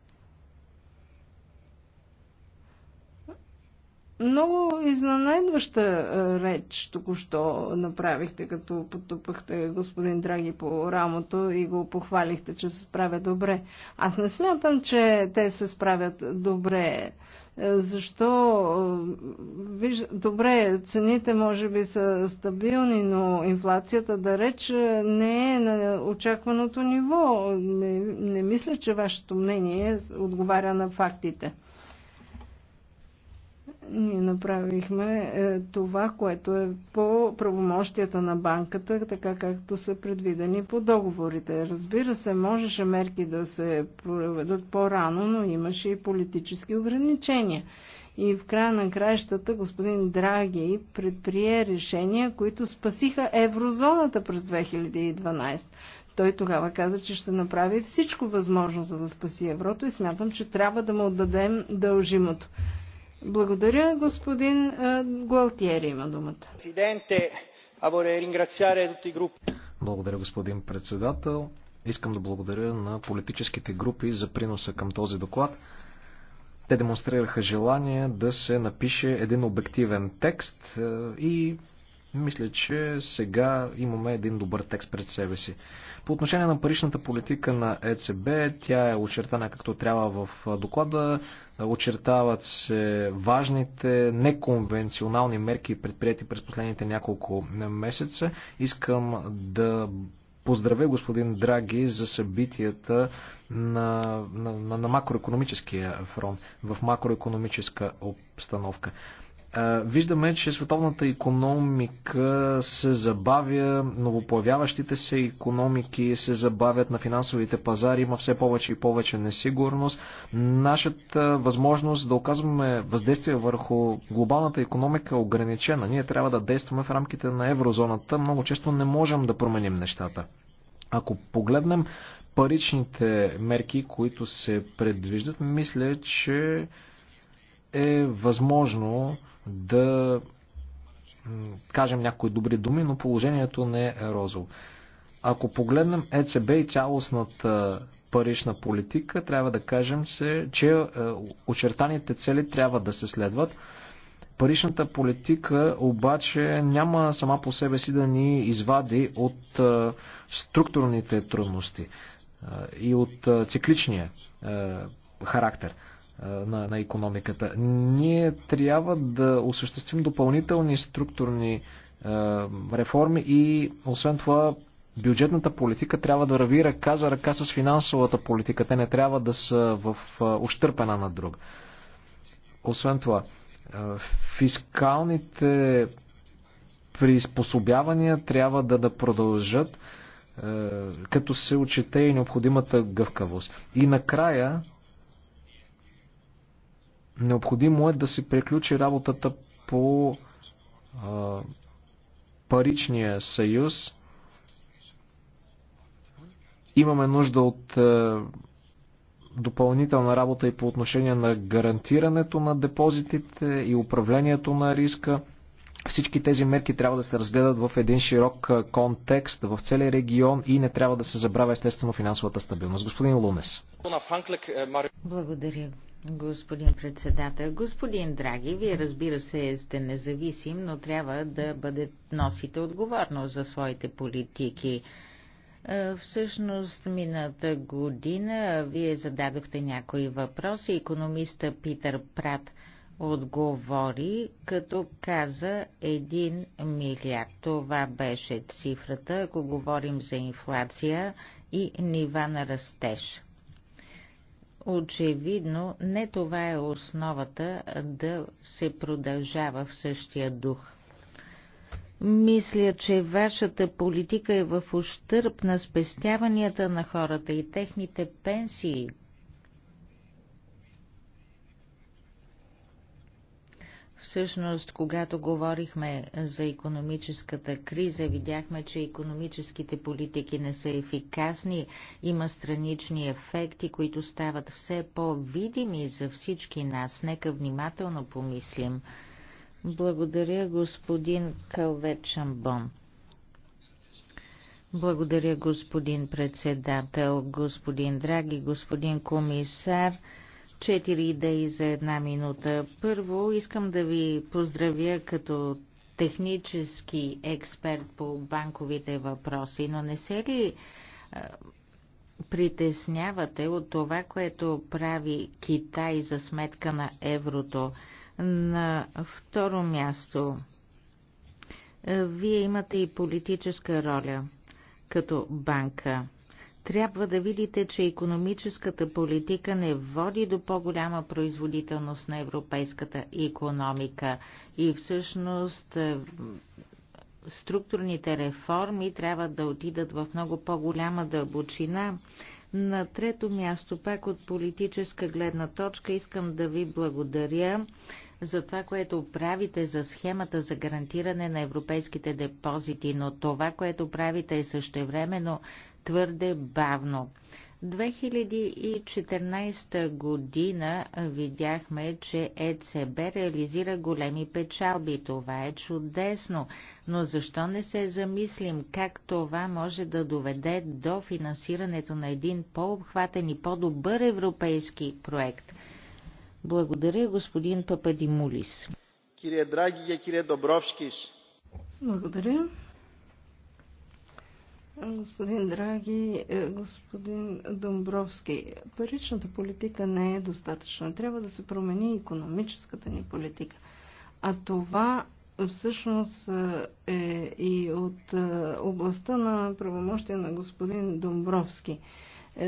много изненадваща е, реч току-що направихте, като потупахте господин Драги по рамото и го похвалихте, че се справя добре. Аз не смятам, че те се справят добре. Е, защо? Е, виж, добре, цените може би са стабилни, но инфлацията да реч е, не е на очакваното ниво. Не, не мисля, че вашето мнение отговаря на фактите ние направихме е, това, което е по правомощията на банката, така както са предвидени по договорите. Разбира се, можеше мерки да се проведат по-рано, но имаше и политически ограничения. И в края на краищата господин Драги предприе решения, които спасиха еврозоната през 2012. Той тогава каза, че ще направи всичко възможно, за да спаси еврото и смятам, че трябва да му отдадем дължимото. Благодаря, господин Гуалтиери има думата. Благодаря, господин председател. Искам да благодаря на политическите групи за приноса към този доклад. Те демонстрираха желание да се напише един обективен текст и мисля, че сега имаме един добър текст пред себе си. По отношение на паричната политика на ЕЦБ, тя е очертана както трябва в доклада. Очертават се важните неконвенционални мерки, предприяти през последните няколко месеца. Искам да поздравя господин Драги за събитията на, на, на макроекономическия фронт, в макроекономическа обстановка виждаме, че световната економика се забавя, новопоявяващите се економики се забавят на финансовите пазари, има все повече и повече несигурност. Нашата възможност да оказваме въздействие върху глобалната економика е ограничена. Ние трябва да действаме в рамките на еврозоната. Много често не можем да променим нещата. Ако погледнем паричните мерки, които се предвиждат, мисля, че е възможно да кажем някои добри думи, но положението не е розово. Ако погледнем ЕЦБ и цялостната парична политика, трябва да кажем се, че е, очертаните цели трябва да се следват. Паричната политика обаче няма сама по себе си да ни извади от е, структурните трудности е, и от цикличния характер на, на економиката. Ние трябва да осъществим допълнителни структурни реформи и освен това бюджетната политика трябва да рави ръка за ръка с финансовата политика. Те не трябва да са в ощърпена на друг. Освен това, фискалните приспособявания трябва да, да продължат като се отчете и необходимата гъвкавост. И накрая Необходимо е да се приключи работата по а, паричния съюз. Имаме нужда от а, допълнителна работа и по отношение на гарантирането на депозитите и управлението на риска. Всички тези мерки трябва да се разгледат в един широк контекст в целия регион и не трябва да се забравя естествено финансовата стабилност. Господин Лунес. Благодаря, Господин председател, господин Драги, вие разбира се сте независим, но трябва да бъде, носите отговорно за своите политики. Е, всъщност, мината година вие зададохте някои въпроси. Економиста Питър Прат отговори, като каза 1 милиард. Това беше цифрата, ако говорим за инфлация и нива на растеж. Очевидно, не това е основата да се продължава в същия дух. Мисля, че вашата политика е в ущърп на спестяванията на хората и техните пенсии. Всъщност, когато говорихме за економическата криза, видяхме, че економическите политики не са ефикасни, има странични ефекти, които стават все по-видими за всички нас. Нека внимателно помислим. Благодаря, господин Калвет Шамбон. Благодаря, господин председател, господин Драги, господин комисар. Четири идеи за една минута. Първо, искам да ви поздравя като технически експерт по банковите въпроси, но не се ли притеснявате от това, което прави Китай за сметка на еврото? На второ място, вие имате и политическа роля като банка. Трябва да видите, че економическата политика не води до по-голяма производителност на европейската економика и всъщност е, структурните реформи трябва да отидат в много по-голяма дълбочина. На трето място, пак от политическа гледна точка, искам да ви благодаря за това, което правите за схемата за гарантиране на европейските депозити, но това, което правите е същевременно твърде бавно. 2014 година видяхме, че ЕЦБ реализира големи печалби. Това е чудесно, но защо не се замислим как това може да доведе до финансирането на един по-обхватен и по-добър европейски проект – благодаря, господин Пападимулис. Кирие Драги и кирие Добровскис. Благодаря. Господин Драги, е, господин Домбровски, паричната политика не е достатъчна. Трябва да се промени економическата ни политика. А това всъщност е, е и от е, областта на правомощия на господин Домбровски.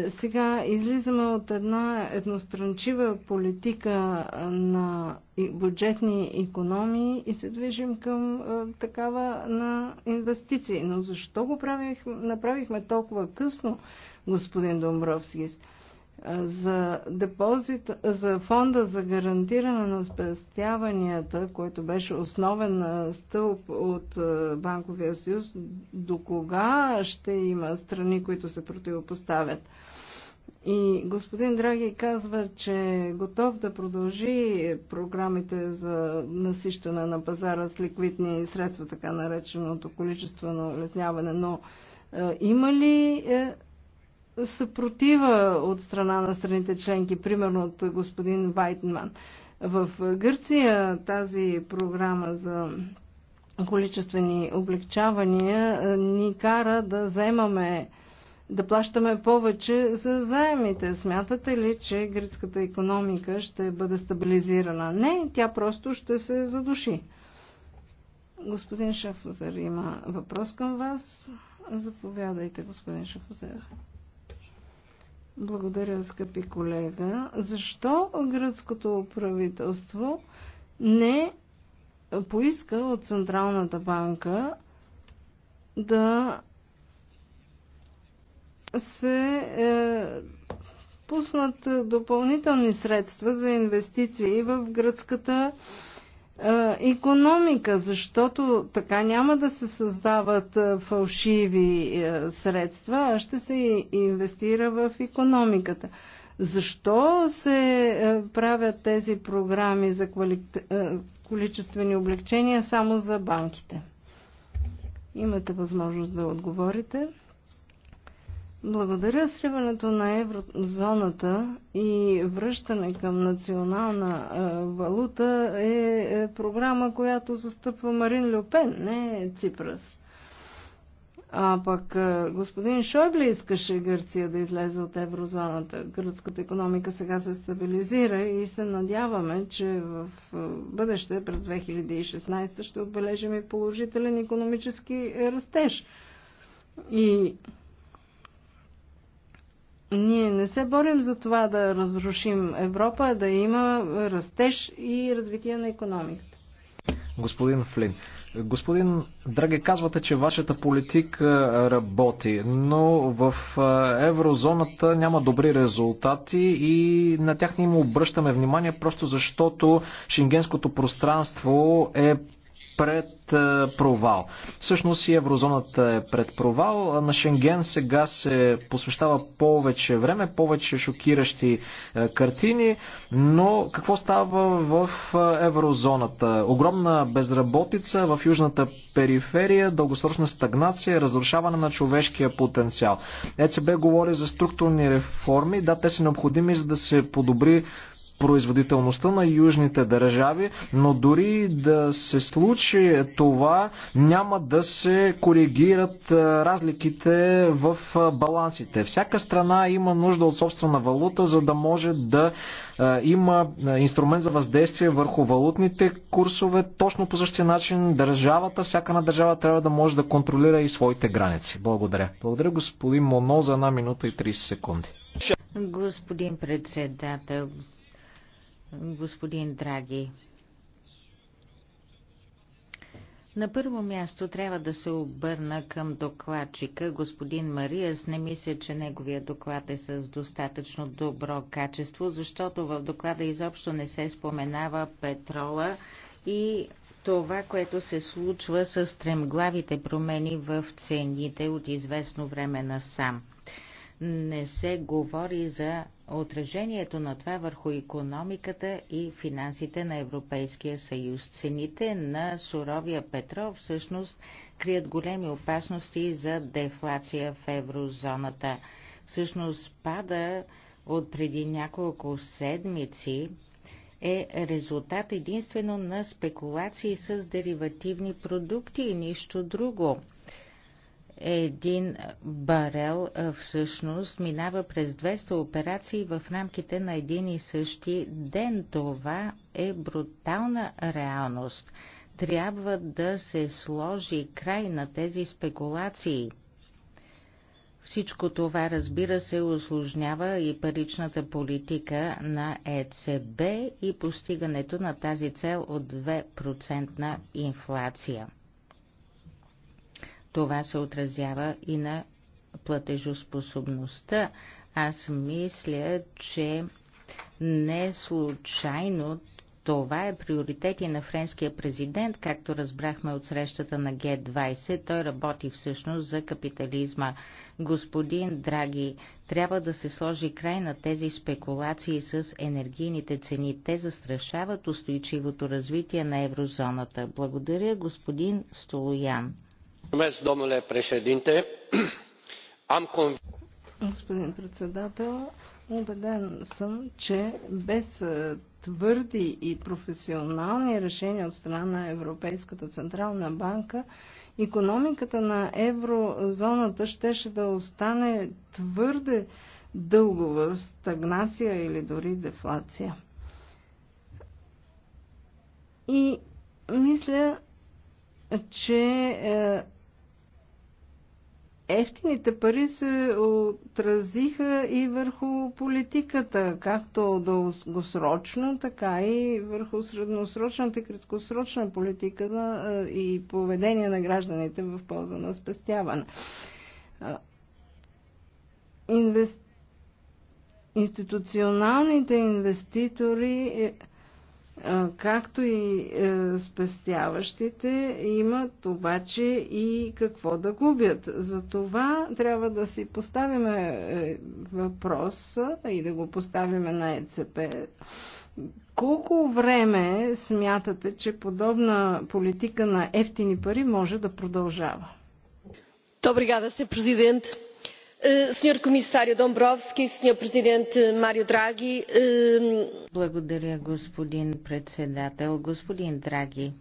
Сега излизаме от една едностранчива политика на бюджетни економии и се движим към такава на инвестиции. Но защо го правих, направихме толкова късно, господин Домбровски? за, депозит, за фонда за гарантиране на спестяванията, който беше основен стълб от Банковия съюз, до кога ще има страни, които се противопоставят? И господин Драги казва, че е готов да продължи програмите за насищане на пазара с ликвидни средства, така нареченото количествено лесняване, но има ли е, съпротива от страна на страните членки, примерно от господин Вайтман. В Гърция тази програма за количествени облегчавания ни кара да вземаме да плащаме повече за заемите. Смятате ли, че гръцката економика ще бъде стабилизирана? Не, тя просто ще се задуши. Господин Шафузер има въпрос към вас. Заповядайте, господин Шафузер. Благодаря, скъпи колега. Защо гръцкото правителство не поиска от Централната банка да се е, пуснат допълнителни средства за инвестиции в гръцката економика, защото така няма да се създават е, фалшиви е, средства, а ще се инвестира в економиката. Защо се е, правят тези програми за количествени облегчения само за банките? Имате възможност да отговорите. Благодаря сриването на еврозоната и връщане към национална валута е, е програма, която застъпва Марин Люпен, не Ципрас. А пък господин Шойбле искаше Гърция да излезе от еврозоната. Гръцката економика сега се стабилизира и се надяваме, че в бъдеще, през 2016, ще отбележим и положителен економически растеж. И ние не се борим за това да разрушим Европа, да има растеж и развитие на економиката. Господин Флин, господин Драге, казвате, че вашата политика работи, но в еврозоната няма добри резултати и на тях не им обръщаме внимание, просто защото шенгенското пространство е пред провал. Всъщност и еврозоната е пред провал. На Шенген сега се посвещава повече време, повече шокиращи картини, но какво става в еврозоната? Огромна безработица в южната периферия, дългосрочна стагнация, разрушаване на човешкия потенциал. ЕЦБ говори за структурни реформи. Да, те са необходими, за да се подобри производителността на южните държави, но дори да се случи това, няма да се коригират разликите в балансите. Всяка страна има нужда от собствена валута, за да може да има инструмент за въздействие върху валутните курсове. Точно по същия начин държавата, всяка на държава трябва да може да контролира и своите граници. Благодаря. Благодаря господин Моно за една минута и 30 секунди. Господин председател, господин Драги. На първо място трябва да се обърна към докладчика. Господин Мариас не мисля, че неговия доклад е с достатъчно добро качество, защото в доклада изобщо не се споменава петрола и това, което се случва с стремглавите промени в цените от известно време насам. Не се говори за отражението на това върху економиката и финансите на Европейския съюз. Цените на суровия петрол всъщност крият големи опасности за дефлация в еврозоната. Всъщност пада от преди няколко седмици е резултат единствено на спекулации с деривативни продукти и нищо друго един барел всъщност минава през 200 операции в рамките на един и същи ден. Това е брутална реалност. Трябва да се сложи край на тези спекулации. Всичко това, разбира се, осложнява и паричната политика на ЕЦБ и постигането на тази цел от 2% инфлация. Това се отразява и на платежоспособността. Аз мисля, че не случайно това е приоритет и на френския президент, както разбрахме от срещата на Г-20. Той работи всъщност за капитализма. Господин Драги, трябва да се сложи край на тези спекулации с енергийните цени. Те застрашават устойчивото развитие на еврозоната. Благодаря, господин Столоян domnule președinte господин председател убеден съм че без е, твърди и професионални решения от страна на европейската централна банка икономиката на еврозоната щеше да остане твърде дълго в стагнация или дори дефлация. И мисля, че е, ефтините пари се отразиха и върху политиката, както дългосрочно, така и върху средносрочната и краткосрочна политика е, и поведение на гражданите в полза на спестяване. Инвест... Институционалните инвеститори е, както и е, спестяващите имат обаче и какво да губят. За това трябва да си поставиме е, въпроса и да го поставиме на ЕЦП. Колко време смятате, че подобна политика на ефтини пари може да продължава? Добре, да се президент. Сеньор комисарю dombrovskis сеньор президент Марио Драги. Благодаря, господин председател. Господин Драги,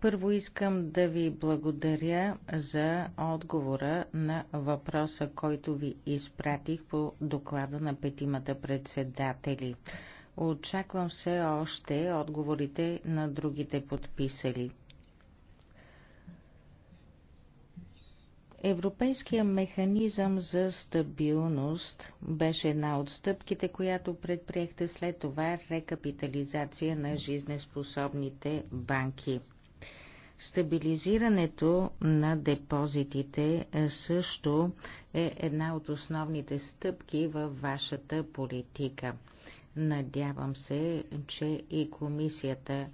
първо искам да ви благодаря за отговора на въпроса, който ви изпратих по доклада на петимата председатели. Очаквам все още отговорите на другите подписали. Европейския механизъм за стабилност беше една от стъпките, която предприехте след това рекапитализация на жизнеспособните банки. Стабилизирането на депозитите също е една от основните стъпки във вашата политика. Надявам се, че и комисията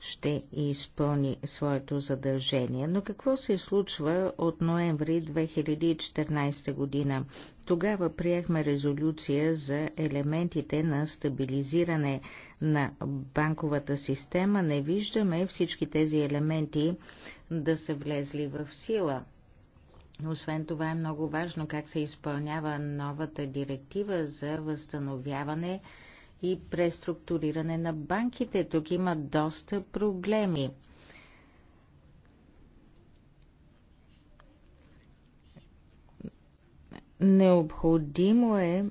ще изпълни своето задължение. Но какво се случва от ноември 2014 година? Тогава приехме резолюция за елементите на стабилизиране на банковата система. Не виждаме всички тези елементи да са влезли в сила. Освен това е много важно как се изпълнява новата директива за възстановяване на и преструктуриране на банките. Тук има доста проблеми. Необходимо е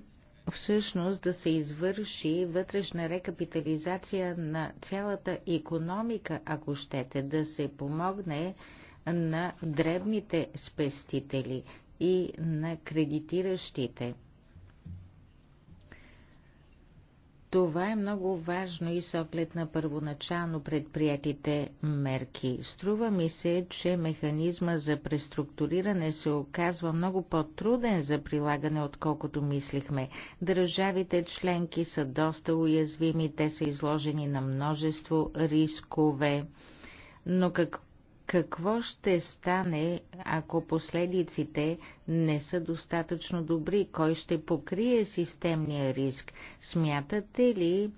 всъщност да се извърши вътрешна рекапитализация на цялата економика, ако щете, да се помогне на дребните спестители и на кредитиращите. Това е много важно и с оглед на първоначално предприятите мерки. Струва ми се, че механизма за преструктуриране се оказва много по-труден за прилагане, отколкото мислихме. Държавите членки са доста уязвими, те са изложени на множество рискове. Но как, какво ще стане, ако последиците не са достатъчно добри? Кой ще покрие системния риск? Смятате ли,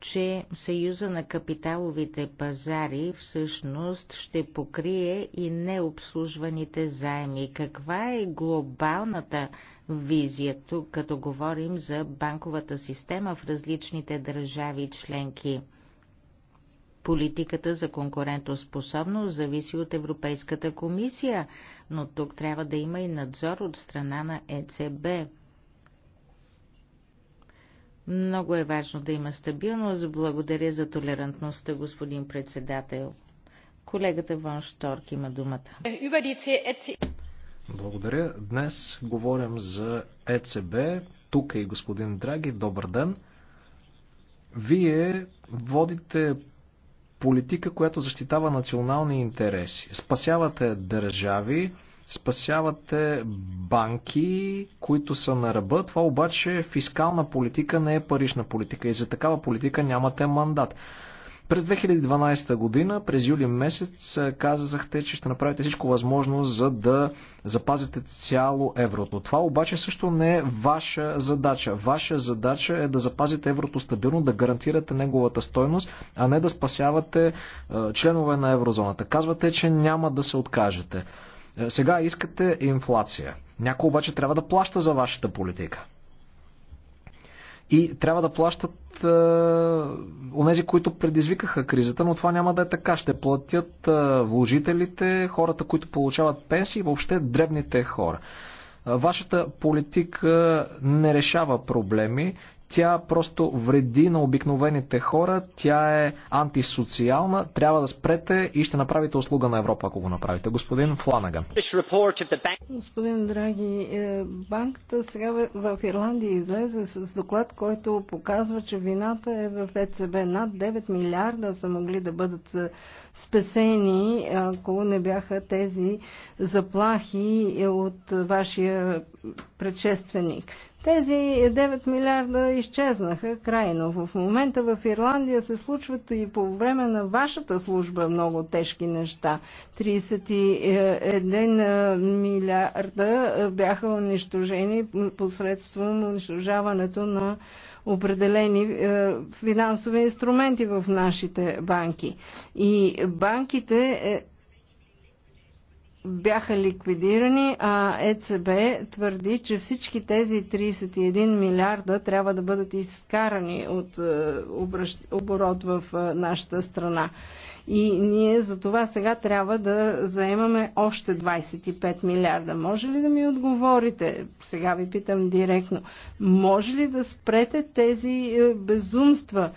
че Съюза на капиталовите пазари всъщност ще покрие и необслужваните заеми? Каква е глобалната визия тук, като говорим за банковата система в различните държави членки? Политиката за конкурентоспособност зависи от Европейската комисия, но тук трябва да има и надзор от страна на ЕЦБ. Много е важно да има стабилност. Благодаря за толерантността, господин председател. Колегата Вон Шторк има думата. Благодаря. Днес говорим за ЕЦБ. Тук е и господин Драги. Добър ден. Вие водите политика, която защитава национални интереси. Спасявате държави, спасявате банки, които са на ръба. Това обаче фискална политика не е парична политика и за такава политика нямате мандат. През 2012 година, през юли месец, казахте, че ще направите всичко възможно, за да запазите цяло еврото. Това обаче също не е ваша задача. Ваша задача е да запазите еврото стабилно, да гарантирате неговата стойност, а не да спасявате членове на еврозоната. Казвате, че няма да се откажете. Сега искате инфлация. Някой обаче трябва да плаща за вашата политика и трябва да плащат е, онези, които предизвикаха кризата, но това няма да е така. Ще платят е, вложителите, хората, които получават пенсии, въобще дребните хора. Е, вашата политика не решава проблеми. Тя просто вреди на обикновените хора, тя е антисоциална, трябва да спрете и ще направите услуга на Европа, ако го направите. Господин Фланаган. Господин Драги, е, банката сега в Ирландия излезе с доклад, който показва, че вината е в ЕЦБ. Над 9 милиарда са могли да бъдат е, спесени, ако не бяха тези заплахи е, от вашия предшественик. Тези 9 милиарда изчезнаха крайно. В момента в Ирландия се случват и по време на вашата служба много тежки неща. 31 е, милиарда е, бяха унищожени посредством унищожаването на определени е, финансови инструменти в нашите банки. И банките бяха ликвидирани, а ЕЦБ твърди, че всички тези 31 милиарда трябва да бъдат изкарани от е, оборот в е, нашата страна. И ние за това сега трябва да заемаме още 25 милиарда. Може ли да ми отговорите? Сега ви питам директно. Може ли да спрете тези е, безумства?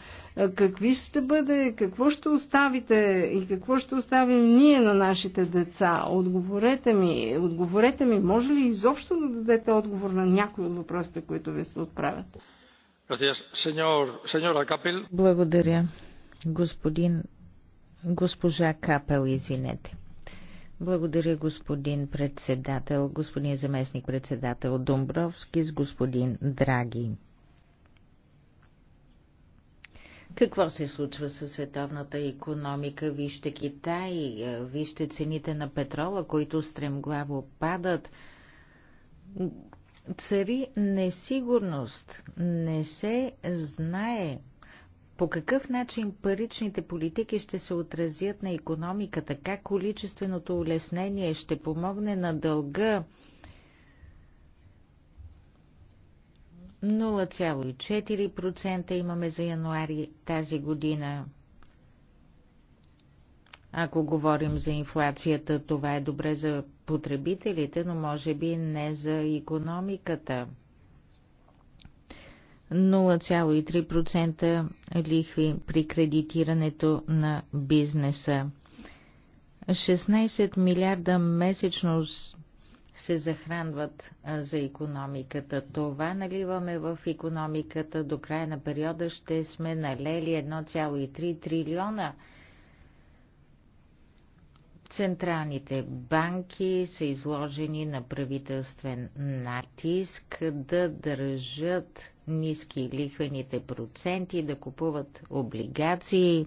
Какви ще бъде, какво ще оставите и какво ще оставим ние на нашите деца? Отговорете ми, отговорете ми, може ли изобщо да дадете отговор на някои от въпросите, които ви се отправят? Благодаря, господин, госпожа Капел, извинете. Благодаря, господин председател, господин заместник председател Домбровски с господин Драги. Какво се случва със световната економика? Вижте Китай, е, вижте цените на петрола, които стремглаво падат. Цари несигурност. Не се знае по какъв начин паричните политики ще се отразят на економиката, как количественото улеснение ще помогне на дълга, 0,4% имаме за януари тази година. Ако говорим за инфлацията, това е добре за потребителите, но може би не за економиката. 0,3% лихви при кредитирането на бизнеса. 16 милиарда месечно се захранват за економиката. Това наливаме в економиката. До края на периода ще сме налели 1,3 трилиона. Централните банки са изложени на правителствен натиск да държат ниски лихвените проценти, да купуват облигации.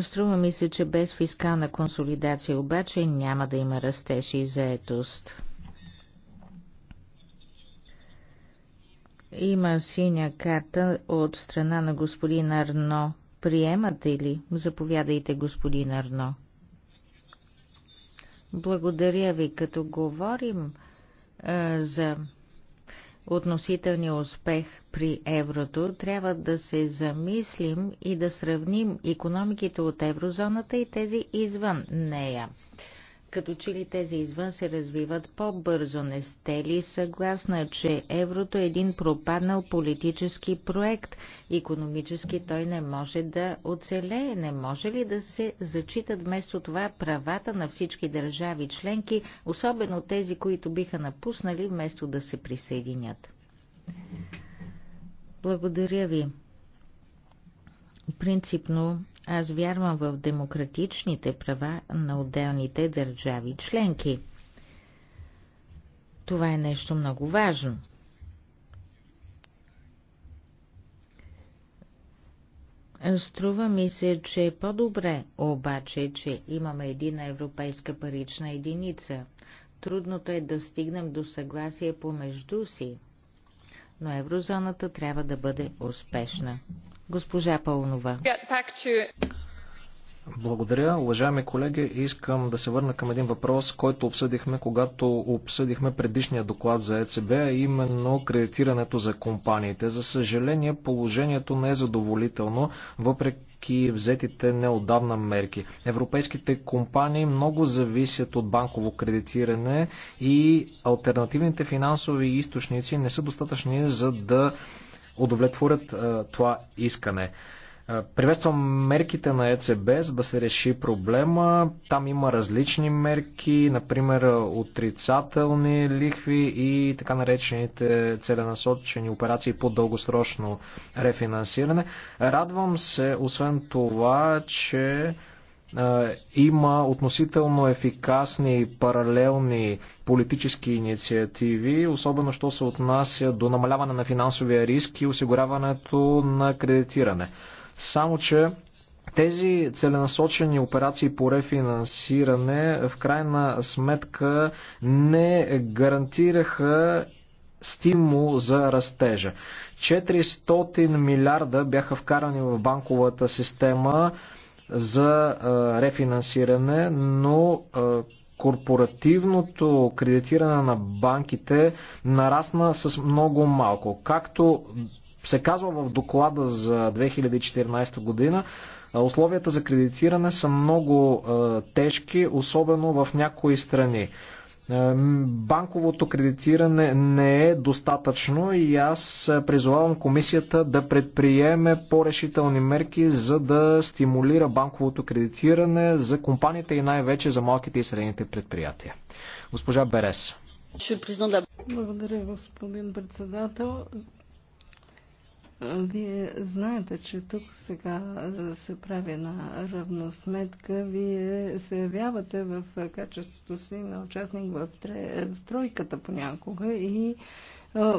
Струва ми се, че без фискална консолидация обаче няма да има растеж и заетост. Има синя карта от страна на господин Арно. Приемате ли? Заповядайте, господин Арно. Благодаря ви. Като говорим а, за относителния успех при еврото, трябва да се замислим и да сравним економиките от еврозоната и тези извън нея. Като че ли тези извън се развиват по-бързо, не сте ли съгласна, че еврото е един пропаднал политически проект? Економически той не може да оцелее. Не може ли да се зачитат вместо това правата на всички държави членки, особено тези, които биха напуснали, вместо да се присъединят? Благодаря ви. Принципно аз вярвам в демократичните права на отделните държави членки. Това е нещо много важно. Струва ми се, че е по-добре, обаче, че имаме една европейска парична единица. Трудното е да стигнем до съгласие помежду си, но еврозоната трябва да бъде успешна. Госпожа Пълнова. Благодаря. Уважаеми колеги, искам да се върна към един въпрос, който обсъдихме, когато обсъдихме предишния доклад за ЕЦБ, а именно кредитирането за компаниите. За съжаление, положението не е задоволително, въпреки взетите неодавна мерки. Европейските компании много зависят от банково кредитиране и альтернативните финансови източници не са достатъчни за да удовлетворят това искане. Приветствам мерките на ЕЦБ, за да се реши проблема. Там има различни мерки, например отрицателни лихви и така наречените целенасочени операции по дългосрочно рефинансиране. Радвам се, освен това, че има относително ефикасни паралелни политически инициативи, особено що се отнася до намаляване на финансовия риск и осигуряването на кредитиране. Само, че тези целенасочени операции по рефинансиране в крайна сметка не гарантираха стимул за растежа. 400 милиарда бяха вкарани в банковата система за рефинансиране, но корпоративното кредитиране на банките нарасна с много малко. Както се казва в доклада за 2014 година, условията за кредитиране са много тежки, особено в някои страни. Е, банковото кредитиране не е достатъчно и аз призовавам комисията да предприеме по-решителни мерки, за да стимулира банковото кредитиране за компаниите и най-вече за малките и средните предприятия. Госпожа Берес. Благодаря, господин председател. Вие знаете, че тук сега се прави една равносметка. Вие се явявате в качеството си на участник в, тре, в тройката понякога и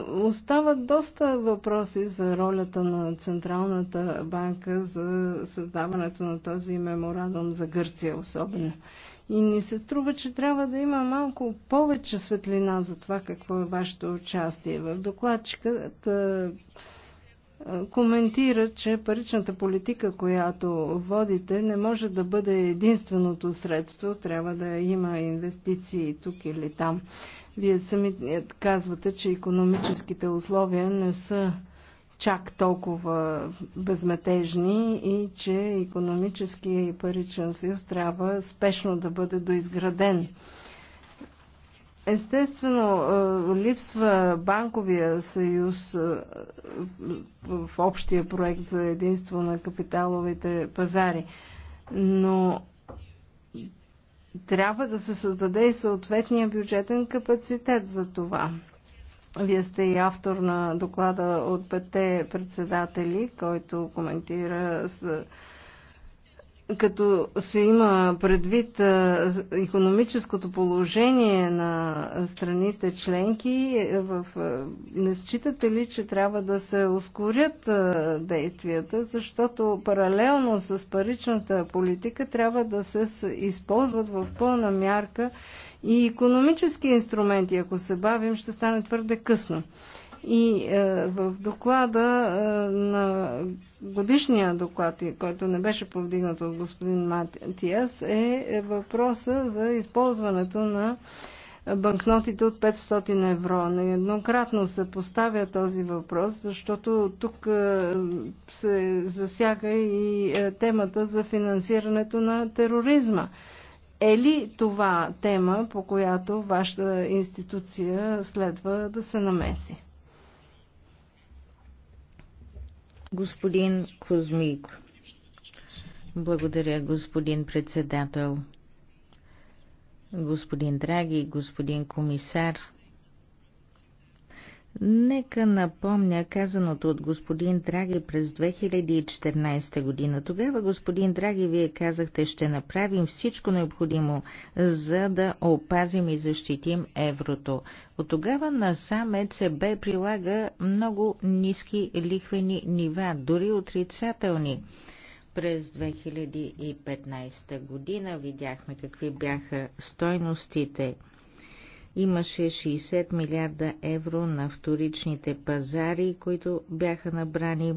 Остават доста въпроси за ролята на Централната банка за създаването на този меморандум за Гърция особено. И ни се струва, че трябва да има малко повече светлина за това какво е вашето участие. В докладчиката коментира, че паричната политика, която водите, не може да бъде единственото средство, трябва да има инвестиции тук или там. Вие сами казвате, че економическите условия не са чак толкова безметежни и че економическия и паричен съюз трябва спешно да бъде доизграден. Естествено, е, липсва банковия съюз е, в общия проект за единство на капиталовите пазари, но трябва да се създаде и съответния бюджетен капацитет за това. Вие сте и автор на доклада от пете председатели, който коментира с като се има предвид економическото положение на страните членки, е, в... не считате ли, че трябва да се ускорят действията, защото паралелно с паричната политика трябва да се използват в пълна мярка и економически инструменти. Ако се бавим, ще стане твърде късно. И е, в доклада е, на годишния доклад, който не беше повдигнат от господин Матиас, е въпроса за използването на банкнотите от 500 евро. Нееднократно се поставя този въпрос, защото тук е, се засяга и е, темата за финансирането на тероризма. Е ли това тема, по която вашата институция следва да се намеси? Господин Кузмик. Благодаря, господин председател. Господин Драги, господин комисар, Нека напомня казаното от господин Драги през 2014 година. Тогава, господин Драги, вие казахте, ще направим всичко необходимо, за да опазим и защитим еврото. От тогава сам ЕЦБ прилага много ниски лихвени нива, дори отрицателни. През 2015 година видяхме какви бяха стойностите – Имаше 60 милиарда евро на вторичните пазари, които бяха набрани.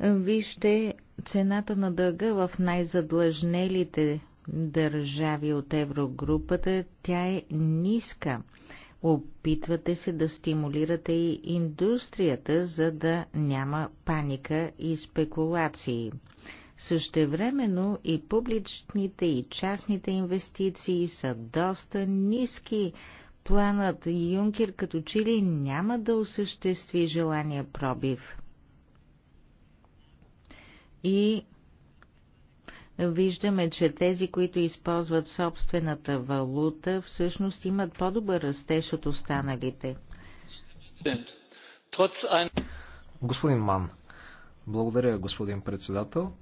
Вижте цената на дълга в най-задлъжнелите държави от еврогрупата, тя е ниска. Опитвате се да стимулирате и индустрията, за да няма паника и спекулации. Същевременно и публичните и частните инвестиции са доста ниски. Планът Юнкер като Чили няма да осъществи желания пробив. И виждаме, че тези, които използват собствената валута, всъщност имат по-добър растеж от останалите. Господин Ман, благодаря, господин председател.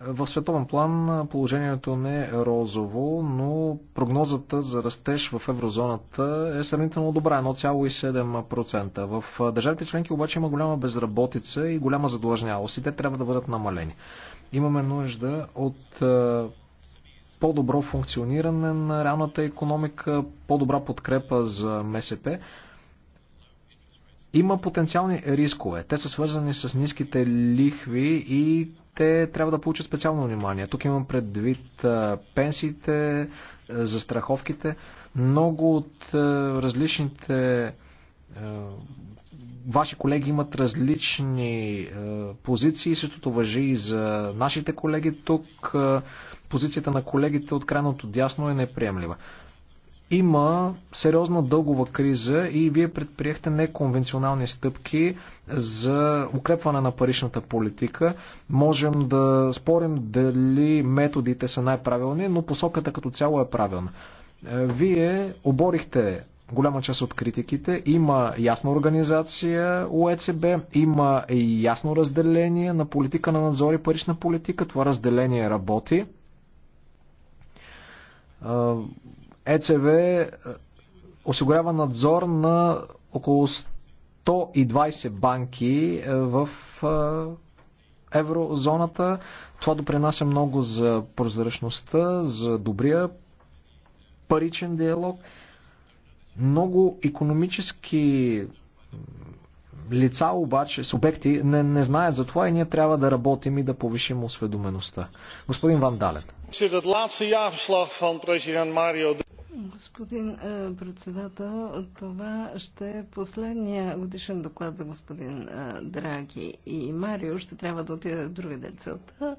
В световен план положението не е розово, но прогнозата за растеж в еврозоната е сравнително добра 1,7%. В държавите членки обаче има голяма безработица и голяма задлъжнялост и те трябва да бъдат намалени. Имаме нужда от по-добро функциониране на реалната економика, по-добра подкрепа за МСП. Има потенциални рискове. Те са свързани с ниските лихви и те трябва да получат специално внимание. Тук имам предвид пенсиите, застраховките. Много от различните ваши колеги имат различни позиции. Същото въжи и за нашите колеги тук. Позицията на колегите от крайното дясно е неприемлива. Има сериозна дългова криза и вие предприехте неконвенционални стъпки за укрепване на паричната политика. Можем да спорим дали методите са най-правилни, но посоката като цяло е правилна. Е, вие оборихте голяма част от критиките. Има ясна организация ЕЦБ, има и ясно разделение на политика на надзор и парична политика. Това разделение работи. Е, ЕЦВ е, осигурява надзор на около 120 банки е, в е, еврозоната. Това допринася много за прозрачността, за добрия паричен диалог. Много економически лица обаче, субекти, не, не знаят за това и ние трябва да работим и да повишим осведомеността. Господин Ван Господин е, председател, това ще е последния годишен доклад за господин е, Драги и Марио ще трябва да отиде в друга децата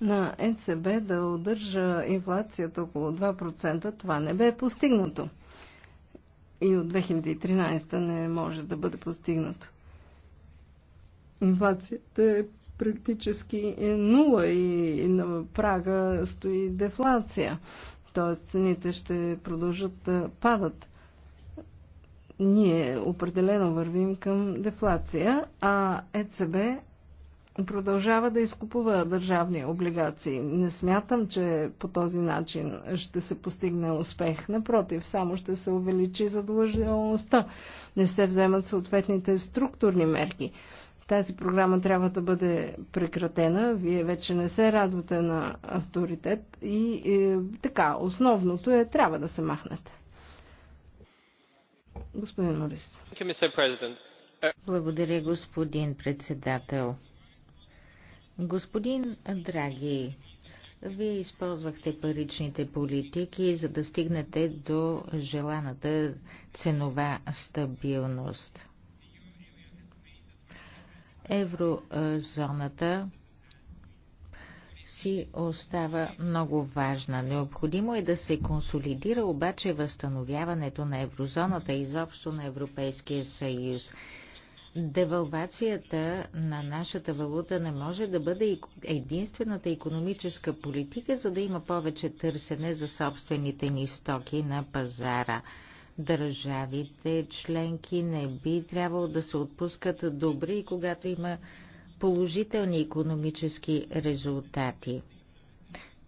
на НЦБ е да удържа инфлацията около 2%. Това не бе постигнато. И от 2013 не може да бъде постигнато. Инфлацията е практически нула и на прага стои дефлация т.е. цените ще продължат да падат. Ние определено вървим към дефлация, а ЕЦБ продължава да изкупува държавни облигации. Не смятам, че по този начин ще се постигне успех. Напротив, само ще се увеличи задължителността. Не се вземат съответните структурни мерки. Тази програма трябва да бъде прекратена. Вие вече не се радвате на авторитет и е, така, основното е трябва да се махнете. Господин Морис. Благодаря, господин председател. Господин Драги, вие използвахте паричните политики, за да стигнете до желаната ценова стабилност. Еврозоната си остава много важна. Необходимо е да се консолидира обаче възстановяването на еврозоната и изобщо на Европейския съюз. Девалвацията на нашата валута не може да бъде единствената економическа политика, за да има повече търсене за собствените ни стоки на пазара – държавите членки не би трябвало да се отпускат добри, когато има положителни економически резултати.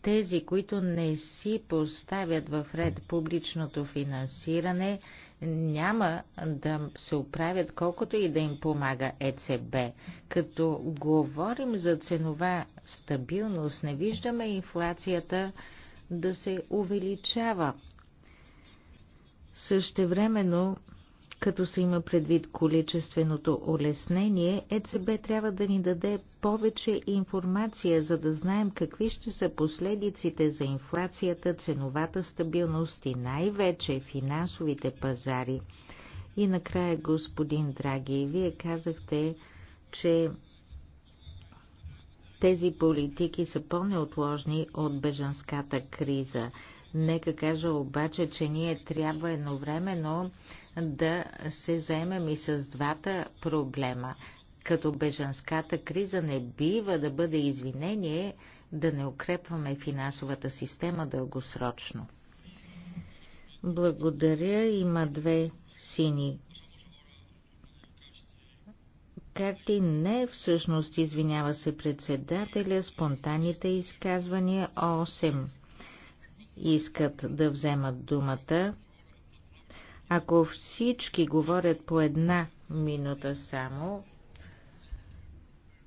Тези, които не си поставят в ред публичното финансиране, няма да се оправят колкото и да им помага ЕЦБ. Като говорим за ценова стабилност, не виждаме инфлацията да се увеличава. Същевременно, като се има предвид количественото улеснение, ЕЦБ трябва да ни даде повече информация, за да знаем какви ще са последиците за инфлацията, ценовата стабилност и най-вече финансовите пазари. И накрая, господин Драги, вие казахте, че тези политики са по-неотложни от бежанската криза. Нека кажа обаче, че ние трябва едновременно да се заемем и с двата проблема. Като бежанската криза не бива да бъде извинение да не укрепваме финансовата система дългосрочно. Благодаря. Има две сини карти. Не, всъщност, извинява се председателя, спонтанните изказвания 8 искат да вземат думата. Ако всички говорят по една минута само,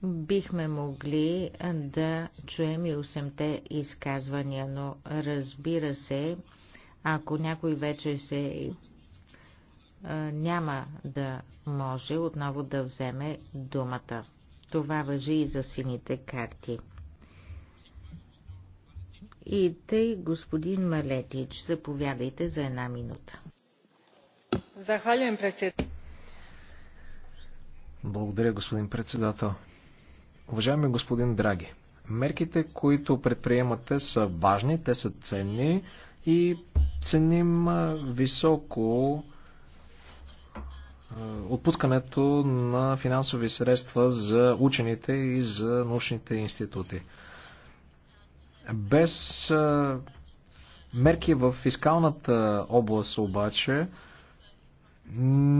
бихме могли да чуем и 8-те изказвания, но разбира се, ако някой вече се няма да може отново да вземе думата. Това въжи и за сините карти. И тъй, господин Малетич, заповядайте за една минута. Захвалям председател. Благодаря, господин председател. Уважаеми господин Драги, мерките, които предприемате са важни, те са ценни и ценим високо отпускането на финансови средства за учените и за научните институти. Без мерки в фискалната област обаче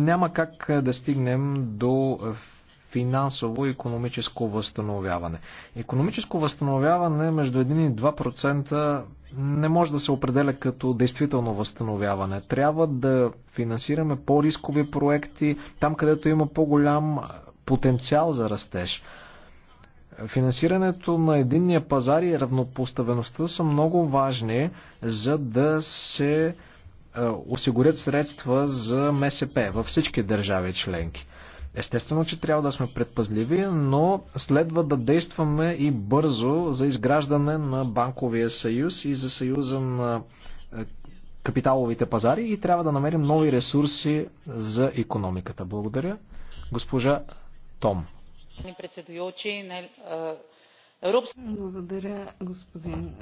няма как да стигнем до финансово и економическо възстановяване. Економическо възстановяване между 1 и 2% не може да се определя като действително възстановяване. Трябва да финансираме по-рискови проекти, там където има по-голям потенциал за растеж. Финансирането на единния пазар и равнопоставеността са много важни, за да се е, осигурят средства за МСП във всички държави членки. Естествено, че трябва да сме предпазливи, но следва да действаме и бързо за изграждане на банковия съюз и за съюза на е, капиталовите пазари и трябва да намерим нови ресурси за економиката. Благодаря. Госпожа Том. Благодаря, господин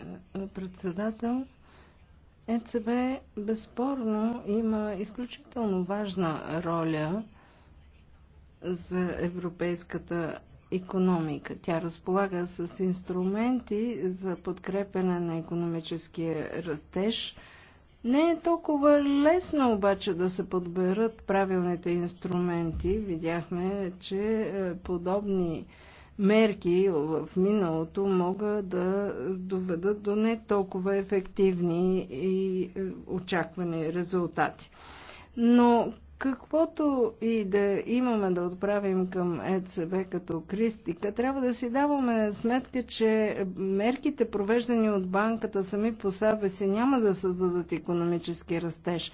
председател. ЕЦБ безспорно има изключително важна роля за европейската економика. Тя разполага с инструменти за подкрепене на економическия растеж – не е толкова лесно обаче да се подберат правилните инструменти. Видяхме, че е, подобни мерки в миналото могат да доведат до не толкова ефективни и е, очаквани резултати. Но Каквото и да имаме да отправим към ЕЦБ като кристика, трябва да си даваме сметка, че мерките провеждани от банката сами по себе си няма да създадат економически растеж.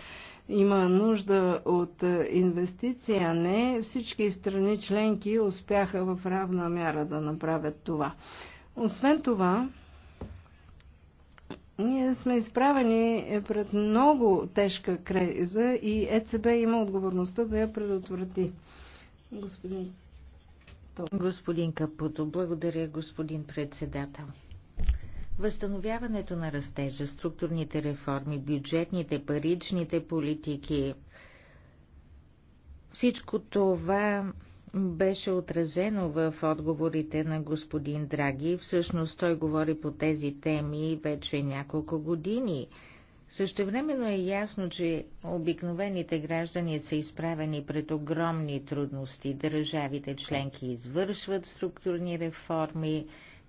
Има нужда от инвестиции, а не всички страни членки успяха в равна мяра да направят това. Освен това, ние сме изправени пред много тежка криза и ЕЦБ има отговорността да я предотврати. Господин Господин Капуто, благодаря, господин председател. Възстановяването на растежа, структурните реформи, бюджетните, паричните политики, всичко това беше отразено в отговорите на господин Драги. Всъщност той говори по тези теми вече няколко години. Същевременно е ясно, че обикновените граждани са изправени пред огромни трудности. Държавите членки извършват структурни реформи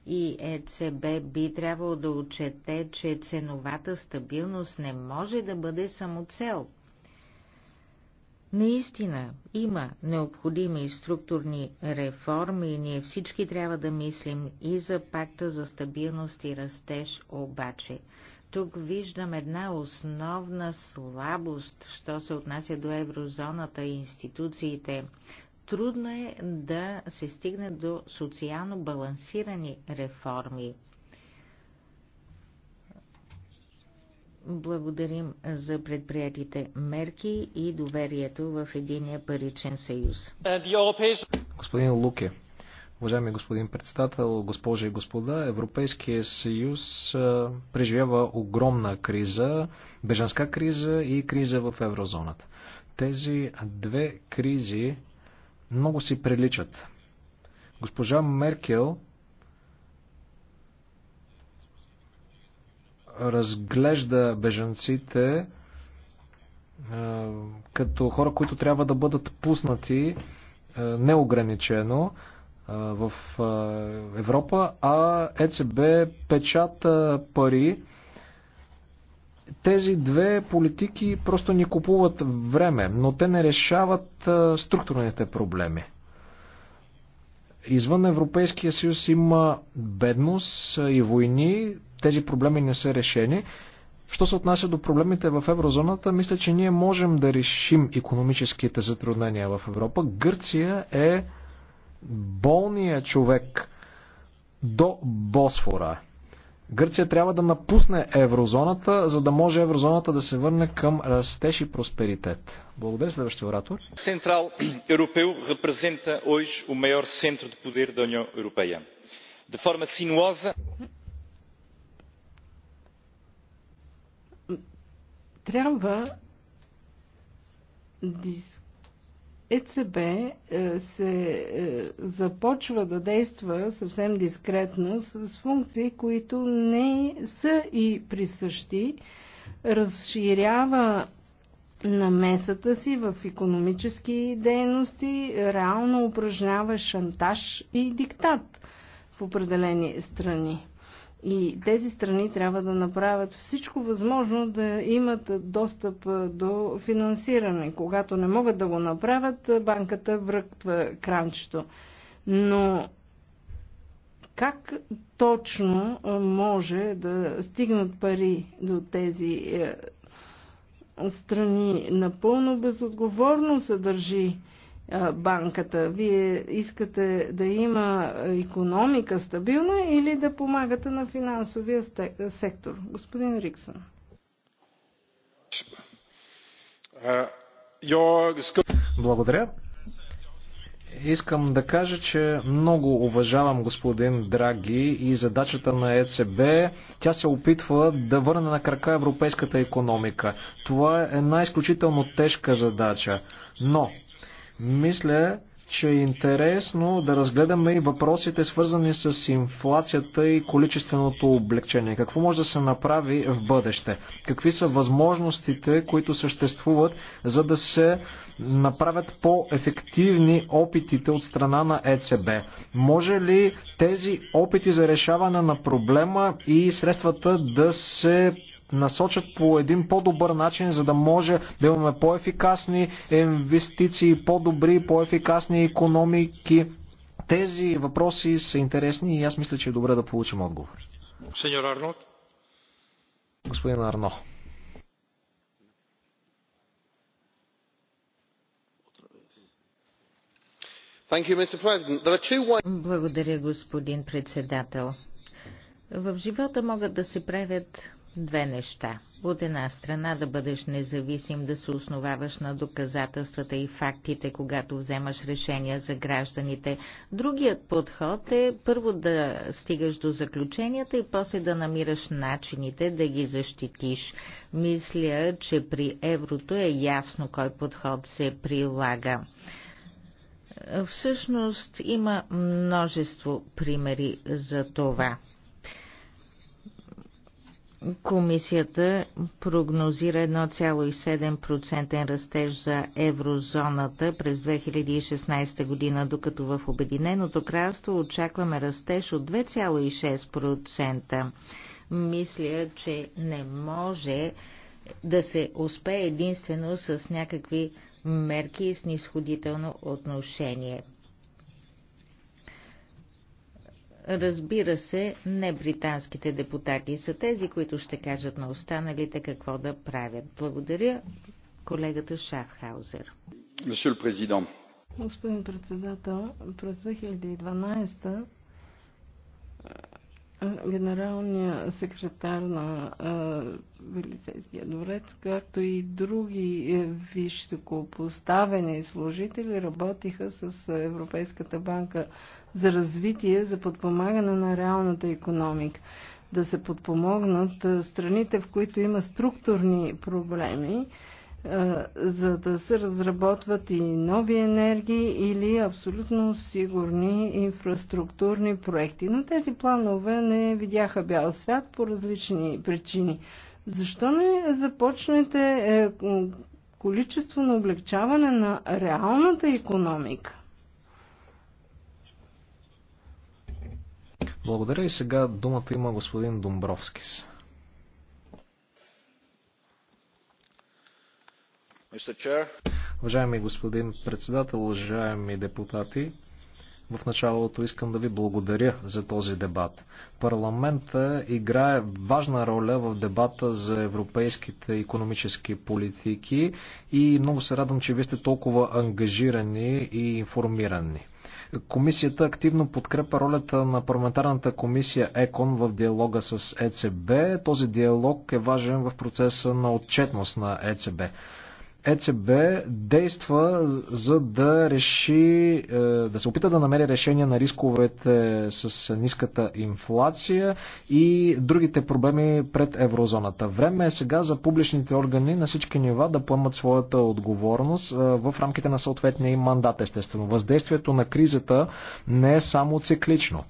и ЕЦБ би трябвало да отчете, че ценовата стабилност не може да бъде само цел – Наистина има необходими структурни реформи и ние всички трябва да мислим и за пакта за стабилност и растеж обаче. Тук виждам една основна слабост, що се отнася до еврозоната и институциите. Трудно е да се стигне до социално балансирани реформи. Благодарим за предприятите мерки и доверието в единия паричен съюз. Господин Луке, уважаеми господин председател, госпожи и господа, Европейския съюз преживява огромна криза, бежанска криза и криза в еврозоната. Тези две кризи много си приличат. Госпожа Меркел разглежда бежанците като хора, които трябва да бъдат пуснати неограничено в Европа, а ЕЦБ печата пари. Тези две политики просто ни купуват време, но те не решават структурните проблеми. Извън Европейския съюз има бедност и войни, тези проблеми не са решени. Що се отнася до проблемите в еврозоната, мисля, че ние можем да решим економическите затруднения в Европа. Гърция е болния човек до Босфора. Гърция трябва да напусне еврозоната, за да може еврозоната да се върне към растеж и просперитет. Благодаря, следващия оратор. Централ Европео репрезента ойш у майор център de poder да União De forma sinuosa... трябва ЕЦБ е, се е, започва да действа съвсем дискретно с функции, които не са и присъщи, разширява намесата си в економически дейности, реално упражнява шантаж и диктат в определени страни. И тези страни трябва да направят всичко възможно да имат достъп до финансиране. Когато не могат да го направят, банката връква кранчето. Но как точно може да стигнат пари до тези страни? Напълно безотговорно се държи банката? Вие искате да има економика стабилна или да помагате на финансовия сектор? Господин Риксън. Благодаря. Искам да кажа, че много уважавам господин Драги и задачата на ЕЦБ. Тя се опитва да върне на крака европейската економика. Това е една изключително тежка задача. Но мисля, че е интересно да разгледаме и въпросите свързани с инфлацията и количественото облегчение. Какво може да се направи в бъдеще? Какви са възможностите, които съществуват, за да се направят по-ефективни опитите от страна на ЕЦБ? Може ли тези опити за решаване на проблема и средствата да се насочат по един по-добър начин, за да може да имаме по-ефикасни инвестиции, по-добри, по-ефикасни економики. Тези въпроси са интересни и аз мисля, че е добре да получим отговор. Сеньор Арно. Господин Арно. Благодаря, господин председател. В живота могат да се правят две неща. От една страна да бъдеш независим, да се основаваш на доказателствата и фактите, когато вземаш решения за гражданите. Другият подход е първо да стигаш до заключенията и после да намираш начините да ги защитиш. Мисля, че при еврото е ясно кой подход се прилага. Всъщност има множество примери за това. Комисията прогнозира 1,7% растеж за еврозоната през 2016 година, докато в Обединеното кралство очакваме растеж от 2,6%. Мисля, че не може да се успее единствено с някакви мерки и снисходително отношение. Разбира се, не британските депутати са тези, които ще кажат на останалите какво да правят. Благодаря колегата Шафхаузер. Господин председател, през 2012 генералният секретар на Велицейския дворец, както и други е, високопоставени служители работиха с Европейската банка за развитие, за подпомагане на реалната економика. Да се подпомогнат страните, в които има структурни проблеми, за да се разработват и нови енергии или абсолютно сигурни инфраструктурни проекти. Но тези планове не видяха бял свят по различни причини. Защо не започнете е, количество на облегчаване на реалната економика? Благодаря и сега думата има господин Домбровскис. Уважаеми господин председател, уважаеми депутати, в началото искам да ви благодаря за този дебат. Парламента играе важна роля в дебата за европейските економически политики и много се радвам, че вие сте толкова ангажирани и информирани. Комисията активно подкрепа ролята на парламентарната комисия ЕКОН в диалога с ЕЦБ. Този диалог е важен в процеса на отчетност на ЕЦБ. ЕЦБ действа за да реши, е, да се опита да намери решение на рисковете с ниската инфлация и другите проблеми пред еврозоната. Време е сега за публичните органи на всички нива да поемат своята отговорност е, в рамките на съответния им мандат, естествено. Въздействието на кризата не е само циклично.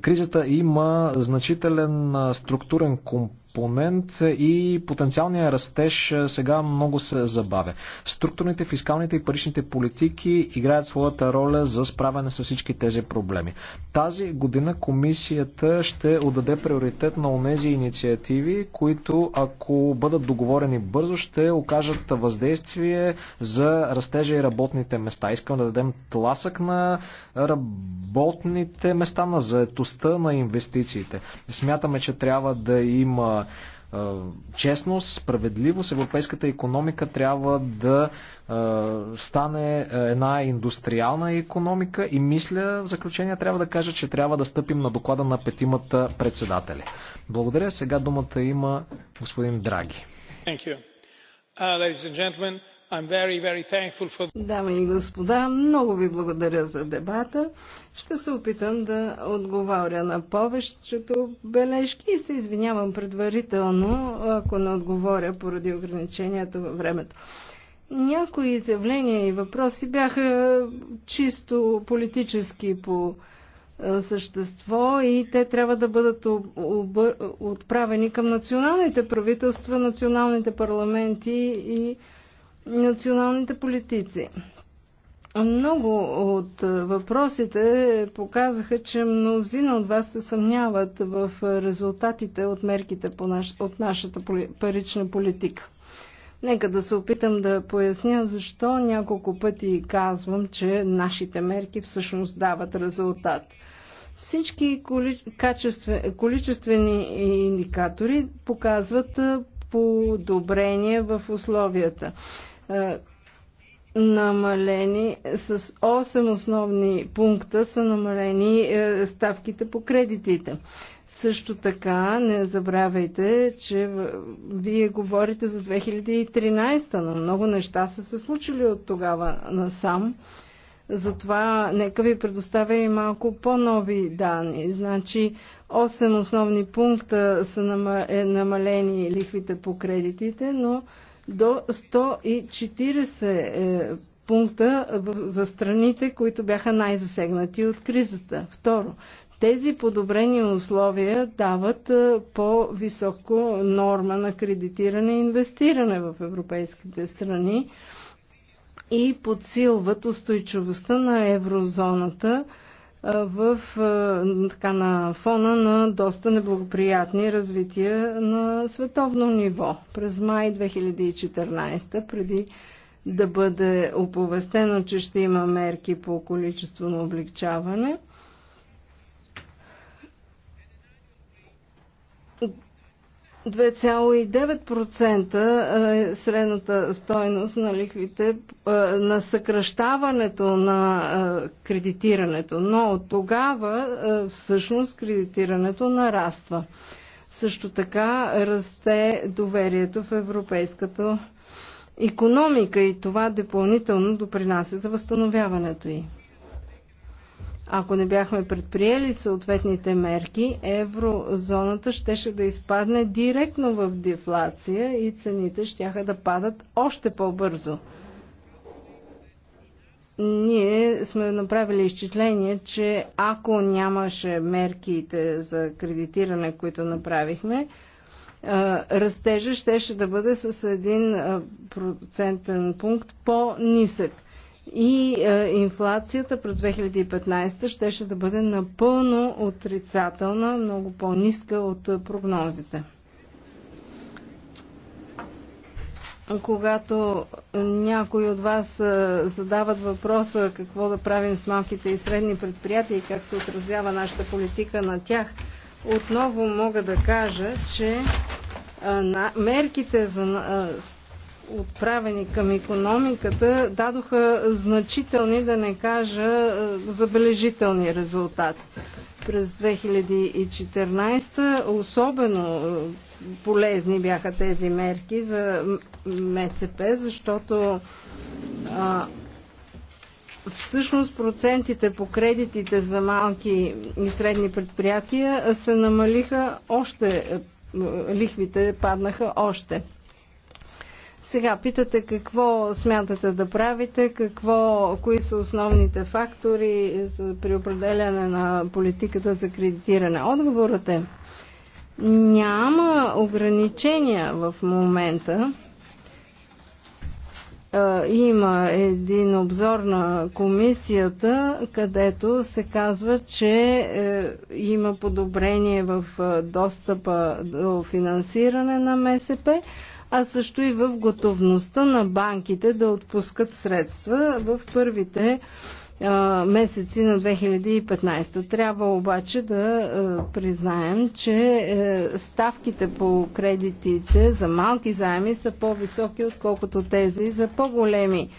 Кризата има значителен е, структурен комплекс компонент и потенциалния растеж е, сега много се забавя. Структурните, фискалните и паричните политики играят своята роля за справяне с всички тези проблеми. Тази година комисията ще отдаде приоритет на онези инициативи, които ако бъдат договорени бързо, ще окажат въздействие за растежа и работните места. Искам да дадем тласък на работните места, на заетостта, на инвестициите. Смятаме, че трябва да има честност, справедливост, европейската економика трябва да стане една индустриална економика и мисля в заключение трябва да кажа, че трябва да стъпим на доклада на петимата председатели. Благодаря. Сега думата има господин Драги. Thank you. Uh, Дами и господа, много ви благодаря за дебата. Ще се опитам да отговоря на повечето бележки и се извинявам предварително, ако не отговоря поради ограниченията във времето. Някои изявления и въпроси бяха чисто политически по е, същество и те трябва да бъдат отправени към националните правителства, националните парламенти и националните политици. Много от въпросите показаха, че мнозина от вас се съмняват в резултатите от мерките по наш, от нашата парична политика. Нека да се опитам да поясня защо няколко пъти казвам, че нашите мерки всъщност дават резултат. Всички коли, качестве, количествени индикатори показват подобрение в условията. Е, намалени с 8 основни пункта са намалени е, ставките по кредитите. Също така, не забравяйте, че вие говорите за 2013, но много неща са се случили от тогава насам. Затова нека ви предоставя и малко по-нови данни. Значи 8 основни пункта са е, намалени лихвите по кредитите, но до 140 е, пункта за страните, които бяха най-засегнати от кризата. Второ, тези подобрени условия дават е, по-високо норма на кредитиране и инвестиране в европейските страни и подсилват устойчивостта на еврозоната в, така, на фона на доста неблагоприятни развития на световно ниво. През май 2014, преди да бъде оповестено, че ще има мерки по количество на облегчаване – 2,9% е средната стойност на лихвите е, на съкръщаването на е, кредитирането, но от тогава е, всъщност кредитирането нараства. Също така расте доверието в европейската економика и това допълнително допринася за възстановяването й. Ако не бяхме предприели съответните мерки, еврозоната щеше да изпадне директно в дефлация и цените щяха да падат още по-бързо. Ние сме направили изчисление, че ако нямаше мерките за кредитиране, които направихме, растежа щеше да бъде с един процентен пункт по-нисък и е, инфлацията през 2015 щеше да бъде напълно отрицателна, много по-ниска от е, прогнозите. Когато някои от вас е, задават въпроса какво да правим с малките и средни предприятия и как се отразява нашата политика на тях, отново мога да кажа, че мерките за отправени към економиката, дадоха значителни, да не кажа, е, забележителни резултати. През 2014 особено е, полезни бяха тези мерки за МЦП, защото а, е, всъщност процентите по кредитите за малки и средни предприятия се намалиха още, лихвите паднаха още. Сега питате какво смятате да правите, какво, кои са основните фактори при определяне на политиката за кредитиране. Отговорът е, няма ограничения в момента. Има един обзор на комисията, където се казва, че е, има подобрение в е, достъпа до финансиране на МСП, а също и в готовността на банките да отпускат средства в първите месеци на 2015. Трябва обаче да признаем, че е, ставките по кредитите за малки заеми са по-високи, отколкото тези за по-големи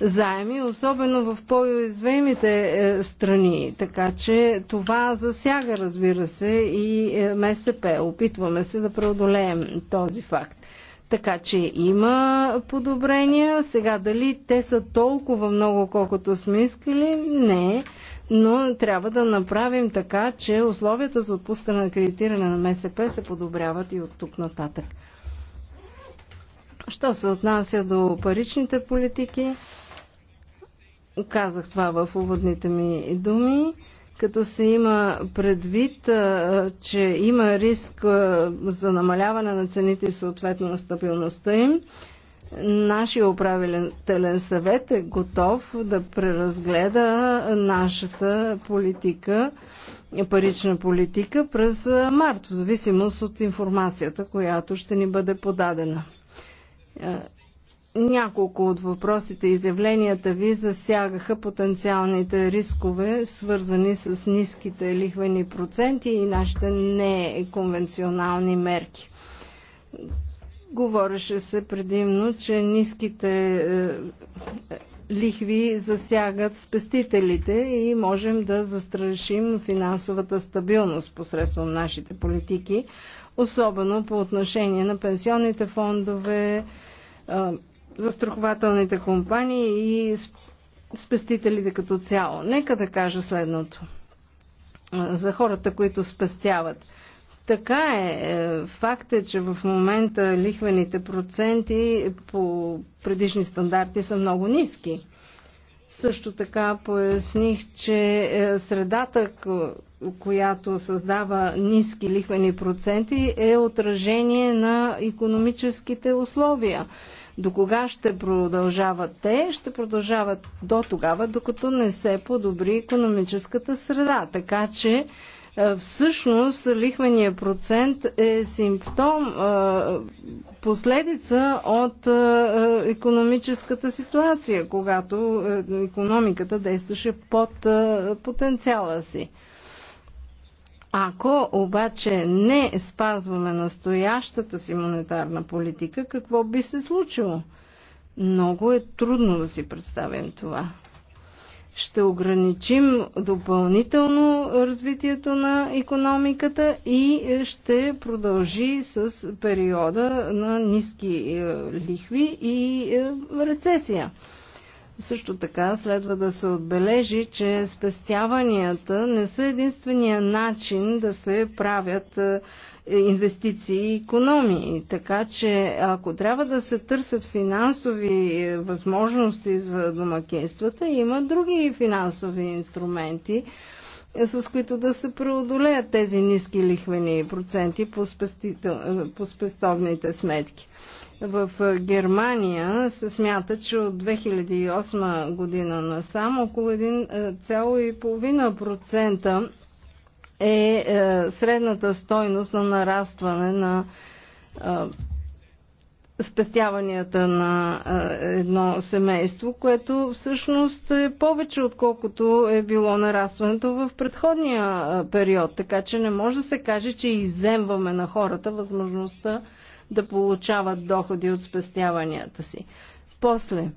заеми, особено в по-уязвимите е, страни. Така че това засяга, разбира се, и е, МСП. Опитваме се да преодолеем този факт. Така че има подобрения. Сега дали те са толкова много, колкото сме искали, не. Но трябва да направим така, че условията за отпускане на кредитиране на МСП се подобряват и от тук нататък. Що се отнася до паричните политики, казах това в уводните ми думи като се има предвид, че има риск за намаляване на цените и съответно на стабилността им, нашия управителен съвет е готов да преразгледа нашата политика, парична политика през март, в зависимост от информацията, която ще ни бъде подадена. Няколко от въпросите и изявленията ви засягаха потенциалните рискове, свързани с ниските лихвени проценти и нашите неконвенционални мерки. Говореше се предимно, че ниските е, лихви засягат спестителите и можем да застрашим финансовата стабилност посредством нашите политики, особено по отношение на пенсионните фондове, е, застрахователните компании и спестителите като цяло. Нека да кажа следното за хората, които спестяват. Така е. е. Факт е, че в момента лихвените проценти по предишни стандарти са много ниски. Също така поясних, че е, средата, която създава ниски лихвени проценти, е отражение на економическите условия. До кога ще продължават те? Ще продължават до тогава, докато не се подобри економическата среда. Така че е, всъщност лихвения процент е симптом, е, последица от е, економическата ситуация, когато економиката действаше под потенциала си. Ако обаче не спазваме настоящата си монетарна политика, какво би се случило? Много е трудно да си представим това. Ще ограничим допълнително развитието на економиката и ще продължи с периода на ниски е, лихви и е, рецесия. Също така следва да се отбележи, че спестяванията не са единствения начин да се правят е, инвестиции и економии. Така че ако трябва да се търсят финансови е, възможности за домакинствата, има други финансови инструменти, е, с които да се преодолеят тези ниски лихвени проценти по, спестител... по спестовните сметки. В Германия се смята, че от 2008 година насам около 1,5% е средната стойност на нарастване на спестяванията на едно семейство, което всъщност е повече отколкото е било нарастването в предходния период. Така че не може да се каже, че иземваме на хората възможността да получават доходи от спестяванията си. После,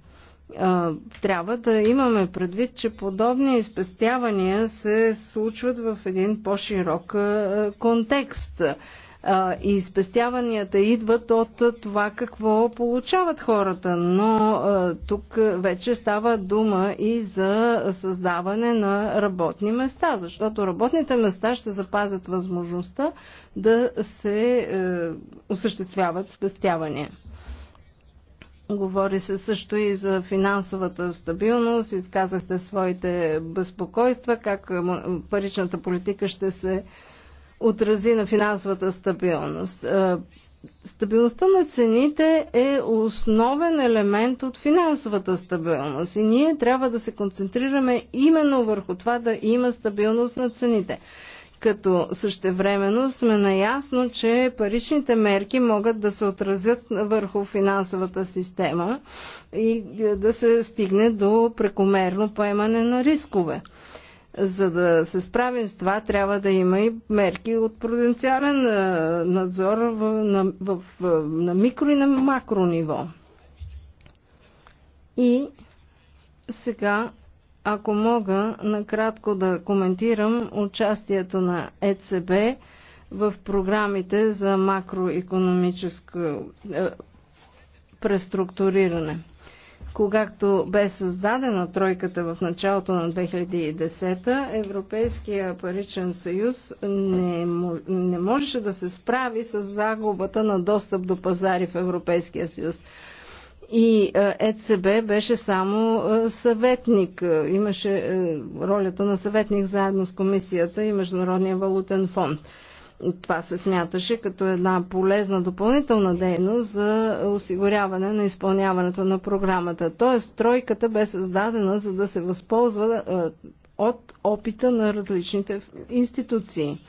трябва да имаме предвид, че подобни спестявания се случват в един по-широк контекст и спестяванията идват от това какво получават хората, но тук вече става дума и за създаване на работни места, защото работните места ще запазят възможността да се е, осъществяват спестявания. Говори се също и за финансовата стабилност, изказахте своите безпокойства, как паричната политика ще се отрази на финансовата стабилност. Е, стабилността на цените е основен елемент от финансовата стабилност и ние трябва да се концентрираме именно върху това да има стабилност на цените. Като същевременно сме наясно, че паричните мерки могат да се отразят върху финансовата система и да се стигне до прекомерно поемане на рискове. За да се справим с това, трябва да има и мерки от пруденциален надзор на, в, на микро и на макро ниво. И сега, ако мога накратко да коментирам участието на ЕЦБ в програмите за макроекономическо преструктуриране. Когато бе създадена тройката в началото на 2010, Европейския паричен съюз не, не можеше да се справи с загубата на достъп до пазари в Европейския съюз. И е, ЕЦБ беше само е, съветник, имаше е, ролята на съветник заедно с комисията и Международния валутен фонд. Това се смяташе като една полезна допълнителна дейност за осигуряване на изпълняването на програмата. Тоест, тройката бе създадена за да се възползва е, от опита на различните институции.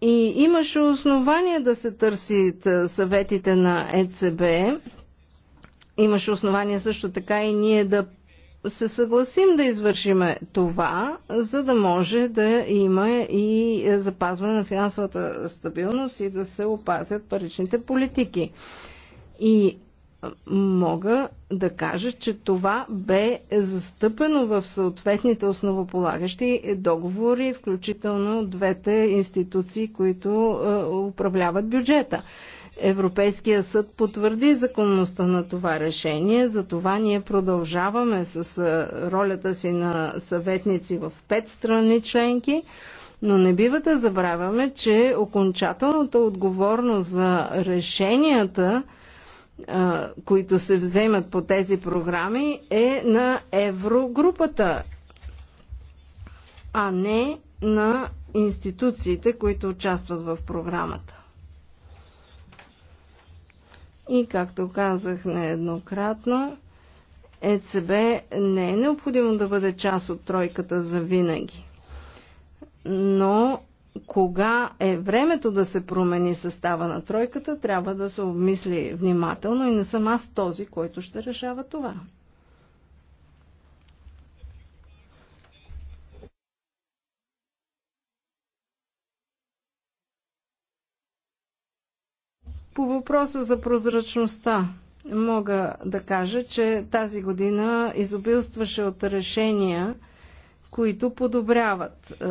И имаше основание да се търсят е, съветите на ЕЦБ. Имаше основание също така и ние да се съгласим да извършиме това, за да може да има и запазване на финансовата стабилност и да се опазят паричните политики. И мога да кажа, че това бе застъпено в съответните основополагащи договори, включително двете институции, които е, управляват бюджета. Европейския съд потвърди законността на това решение, затова ние продължаваме с ролята си на съветници в пет страни членки, но не бива да забравяме, че окончателната отговорност за решенията, които се вземат по тези програми, е на еврогрупата, а не на институциите, които участват в програмата. И както казах нееднократно, ЕЦБ не е необходимо да бъде част от тройката за винаги. Но кога е времето да се промени състава на тройката, трябва да се обмисли внимателно и не съм аз този, който ще решава това. По въпроса за прозрачността мога да кажа, че тази година изобилстваше от решения, които подобряват е,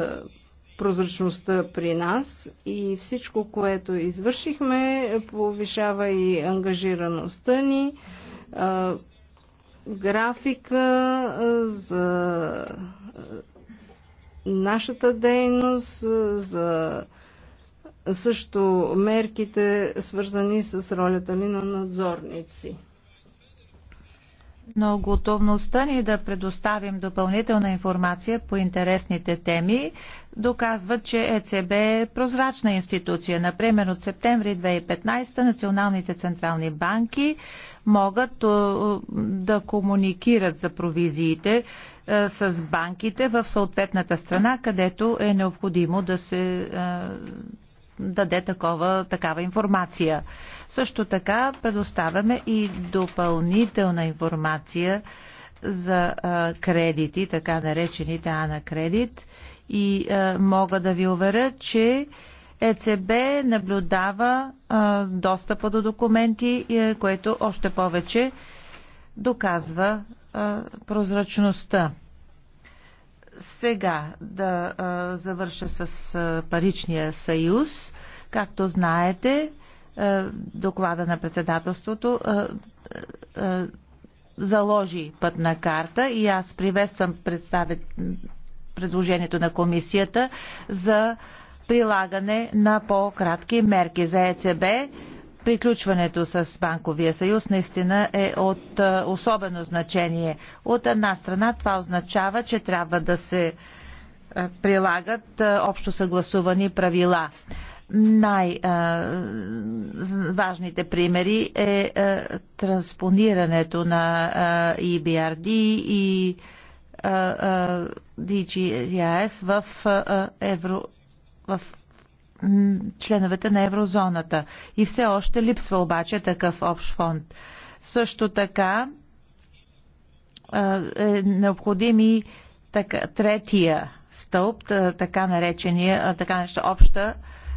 прозрачността при нас и всичко, което извършихме, повишава и ангажираността ни, е, графика е, за е, нашата дейност, е, за също мерките, свързани с ролята ни на надзорници. Но готовността ни да предоставим допълнителна информация по интересните теми доказва, че ЕЦБ е прозрачна институция. Например, от септември 2015 националните централни банки могат да комуникират за провизиите е, с банките в съответната страна, където е необходимо да се е, даде такова, такава информация. Също така предоставяме и допълнителна информация за а, кредити, така наречените АНА кредит и а, мога да ви уверя, че ЕЦБ наблюдава а, достъпа до документи, е, което още повече доказва а, прозрачността. Сега да а, завърша с а, паричния съюз. Както знаете, а, доклада на председателството а, а, заложи пътна карта и аз приветствам предложението на комисията за прилагане на по-кратки мерки за ЕЦБ. Приключването с Банковия съюз наистина е от е, особено значение. От една страна това означава, че трябва да се е, прилагат е, общо съгласувани правила най-важните примери е транспонирането на EBRD и DGIS в, евро, в членовете на еврозоната. И все още липсва обаче такъв общ фонд. Също така е необходим и така, третия стълб, така наречения, така нещо, обща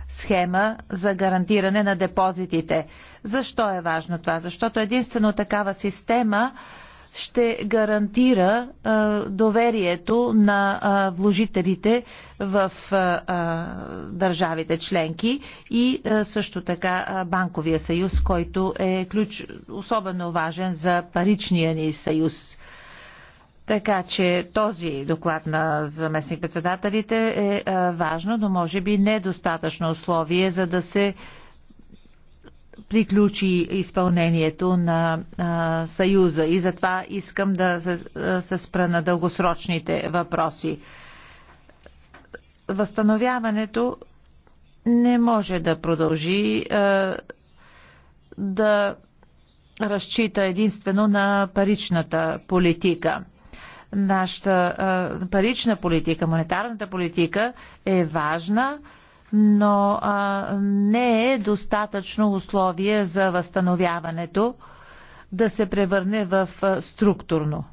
схема за гарантиране на депозитите. Защо е важно това? Защото единствено такава система ще гарантира а, доверието на а, вложителите в а, а, държавите членки и а, също така а, банковия съюз, който е ключ особено важен за паричния ни съюз. Така че този доклад на заместник-председателите е а, важно, но може би недостатъчно условие, за да се приключи изпълнението на а, Съюза и затова искам да се, се спра на дългосрочните въпроси. Възстановяването не може да продължи а, да разчита единствено на паричната политика. Нашата а, парична политика, монетарната политика е важна, но а, не е достатъчно условие за възстановяването да се превърне в структурно.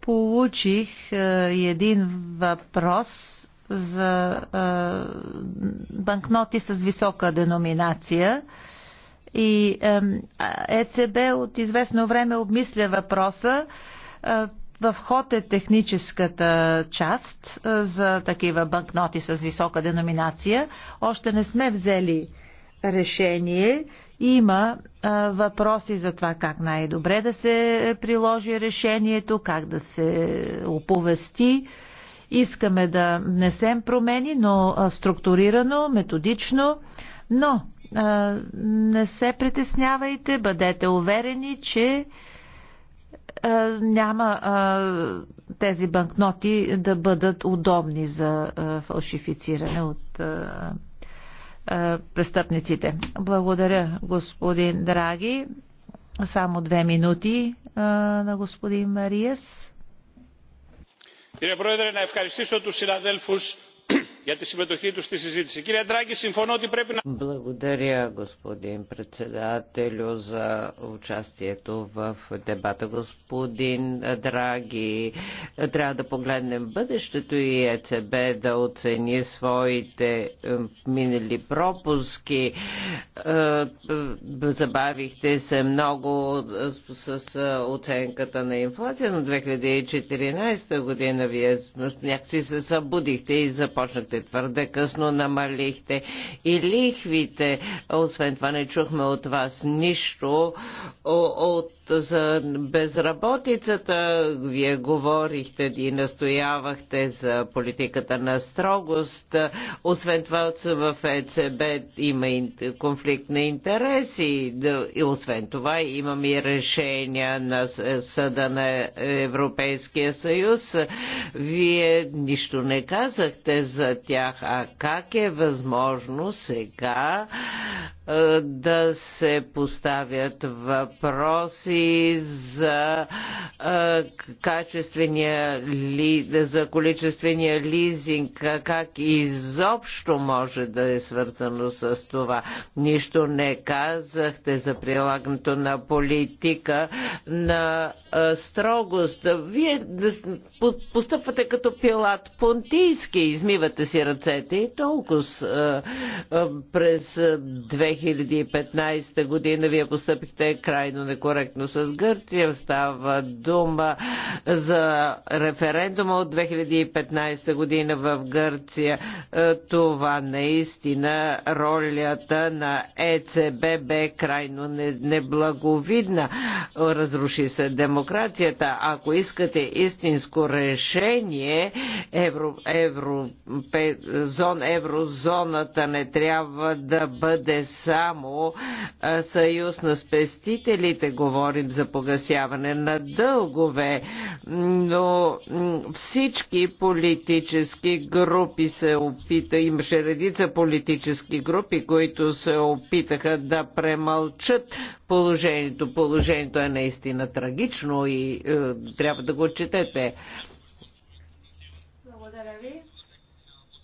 Получих а, един въпрос за а, банкноти с висока деноминация. И ЕЦБ от известно време обмисля въпроса е, в ход е техническата част е, за такива банкноти с висока деноминация. Още не сме взели решение. Има е, въпроси за това как най-добре да се приложи решението, как да се оповести. Искаме да внесем промени, но структурирано, методично, но не се притеснявайте, бъдете уверени, че е, няма е, тези банкноти да бъдат удобни за е, фалшифициране от престъпниците. Благодаря, господин Драги. Само две минути на господин Мариес. Κύριε Πρόεδρε, να ευχαριστήσω τους συναδέλφους για τη συμμετοχή του στη συζήτηση. Κύριε Ντράγκη, συμφωνώ ότι πρέπει να... Благодаря, господин председател, за участието в дебата. Господин Драги, трябва да погледнем бъдещето и ЕЦБ да оцени своите е, минали пропуски. Е, е, забавихте се много с оценката на инфлация на 2014 година. Вие някакси се събудихте и започнахте лихвите. Твърде късно намалихте и лихвите. Освен това не чухме от вас нищо от за безработицата. Вие говорихте и настоявахте за политиката на строгост. Освен това в ЕЦБ има конфликт на интереси и освен това имаме и решения на Съда на Европейския съюз. Вие нищо не казахте за тях, а как е възможно сега да се поставят въпроси си за качествения ли, за количествения лизинг, как изобщо може да е свързано с това. Нищо не казахте за прилагането на политика на строгост. Вие постъпвате като пилат понтийски, измивате си ръцете и толкова през 2015 година вие постъпихте крайно некоректно заедно с Гърция. Става дума за референдума от 2015 година в Гърция. Е, това наистина ролята на ЕЦБ бе крайно неблаговидна. Разруши се демокрацията. Ако искате истинско решение, евро, евро, пе, зон, еврозоната не трябва да бъде само съюз на спестителите. Говори говорим за погасяване на дългове, но всички политически групи се опита, имаше редица политически групи, които се опитаха да премълчат положението. Положението е наистина трагично и е, трябва да го четете.